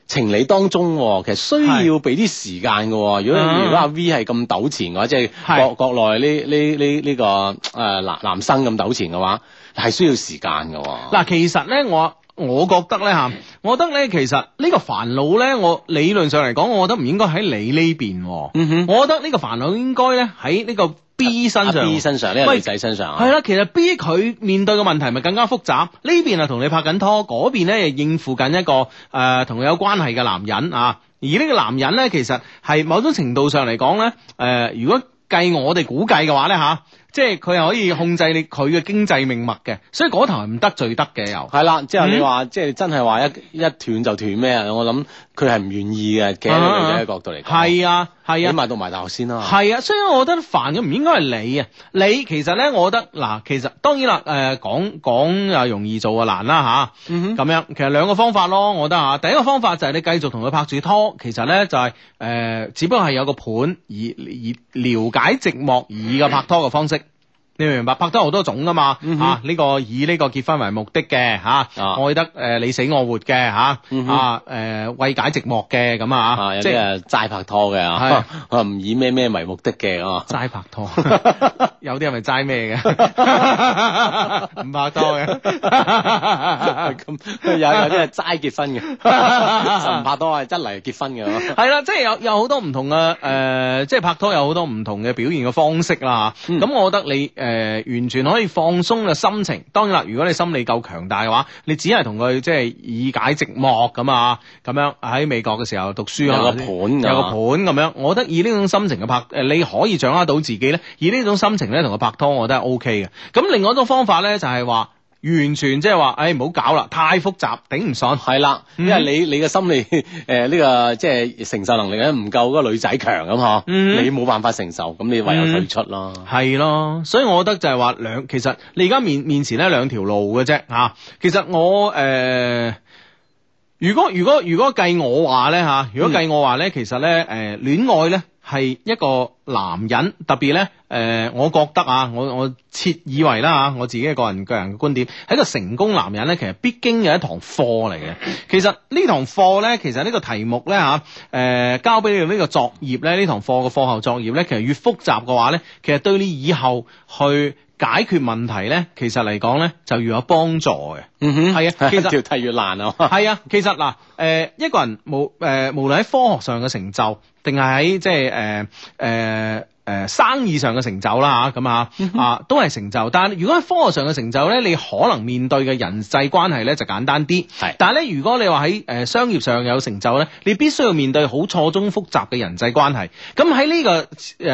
情理當中、哦，其實需要俾啲時間嘅、哦。如果如果阿 V 係咁糾纏嘅話，嗯、即係國國內呢呢呢呢個誒男、呃、男生咁糾纏嘅話，係需要時間嘅、哦。嗱，其實咧，我我覺得咧嚇，我覺得咧，其實呢個煩惱咧，我理論上嚟講，我覺得唔應該喺你呢邊、哦。嗯哼，我覺得呢個煩惱應該咧喺呢個 B 身上，B 身上呢個女仔身上，係啦，其實 B 佢面對嘅問題咪更加複雜。呢邊啊同你拍緊拖，嗰邊咧又應付緊一個誒同佢有關係嘅男人啊。而呢個男人咧，其實係某種程度上嚟講咧，誒、呃，如果計我哋估計嘅話咧吓、啊，即係佢係可以控制你佢嘅經濟命脈嘅，所以嗰頭係唔得罪得嘅又。係啦，就是嗯、即係你話，即係真係話一一斷就斷咩啊？我諗。佢係唔願意嘅，嘅嘅角度嚟講。係啊，係啊，啊起碼讀埋大學先咯。係啊，啊，所以我覺得煩嘅唔應該係你啊。你其實咧，我覺得嗱，其實當然啦，誒、呃、講講又容易做啊難啦嚇。咁、啊嗯、哼樣其實兩個方法咯，我覺得嚇。第一個方法就係你繼續同佢拍住拖，其實咧就係、是、誒、呃，只不過係有個伴而而瞭解寂寞而嘅拍拖嘅方式。嗯你明唔明白拍拖有好多種噶嘛？吓呢個以呢個結婚為目的嘅吓，愛得誒你死我活嘅吓，啊誒為解寂寞嘅咁啊吓，即係齋拍拖嘅，唔以咩咩為目的嘅，齋拍拖，有啲係咪齋咩嘅？唔拍拖嘅，咁有有啲係齋結婚嘅，唔拍拖啊，真嚟結婚嘅，係啦，即係有有好多唔同嘅誒，即係拍拖有好多唔同嘅表現嘅方式啦。咁我覺得你誒、呃，完全可以放鬆嘅心情。當然啦，如果你心理夠強大嘅話，你只係同佢即係以解寂寞咁啊，咁樣喺美國嘅時候讀書，有個盤、啊，有個盤咁樣。我覺得以呢種心情嘅拍，誒、呃，你可以掌握到自己咧。以呢種心情咧同佢拍拖，我覺得係 OK 嘅。咁另外一種方法咧就係、是、話。完全即係話，唉，唔好搞啦，太複雜，頂唔順。係啦，因為你你嘅心理誒呢個即係承受能力咧唔夠嗰個女仔強咁嗬，你冇辦法承受，咁你唯有退出咯。係咯，所以我覺得就係話兩，其實你而家面面前咧兩條路嘅啫啊。其實我誒，如果如果如果計我話咧吓，如果計我話咧，其實咧誒戀愛咧。係一個男人，特別咧，誒、呃，我覺得啊，我我切以為啦吓，我自己個人個人嘅觀點，係一個成功男人咧，其實必經嘅一堂課嚟嘅。其實呢堂課咧，其實呢個題目咧吓，誒、呃，交俾你呢個作業咧，呢堂課嘅課後作業咧，其實越複雜嘅話咧，其實對你以後去。解決問題咧，其實嚟講咧，就越有幫助嘅。嗯哼，係啊，其實越睇越難啊。係啊， 其實嗱，誒、呃，一個人無誒，無論喺、呃、科學上嘅成就，定係喺即係誒誒。呃呃誒，生意上嘅成就啦，吓咁啊，啊都係成就。但係如果喺科學上嘅成就咧，你可能面對嘅人際關係咧就簡單啲。係是的，但係咧如果你話喺誒商業上有成就咧，你必須要面對好錯綜複雜嘅人際關係。咁喺呢個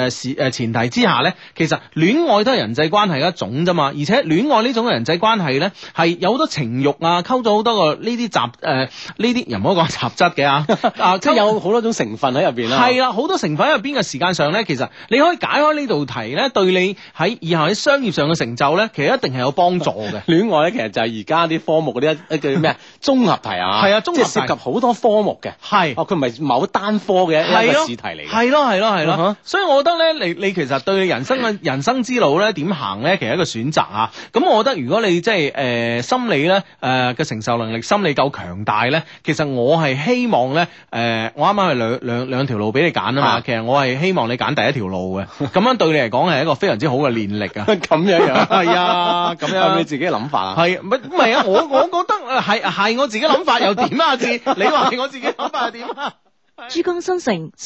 誒是誒前提之下咧，其實戀愛都係人際關係一種啫嘛？而且戀愛呢種嘅人際關係咧，係有好多情欲啊，溝咗好多個呢啲雜誒呢啲，又唔好講雜質嘅啊，啊 即係有好多種成分喺入邊啦。係啦， 好多成分喺入邊嘅時間上咧，其實你。可以解開呢道題咧，對你喺以後喺商業上嘅成就咧，其實一定係有幫助嘅。戀 愛咧，其實就係而家啲科目嗰啲一一叫咩啊，綜合題啊，係啊， 綜合題，即係涉及好多科目嘅。係是，哦，佢唔係某單科嘅的一個試題嚟。係咯，係咯，係咯。Uh huh. 所以我覺得咧，你你其實對人生嘅人生之路咧，點行咧，其實一個選擇啊。咁我覺得如果你即係誒、呃、心理咧誒嘅承受能力，心理夠強大咧，其實我係希望咧誒、呃，我啱啱係兩兩兩條路俾你揀啊嘛。Uh. 其實我係希望你揀第一條路。咁 樣對你嚟講係一個非常之好嘅練力 啊，咁樣樣係啊，咁樣、啊、 樣你自己諗法啊？係唔係？唔係啊？我我覺得係係我自己諗法又點啊？阿志，你話係我自己諗法又點啊？ 珠江新城。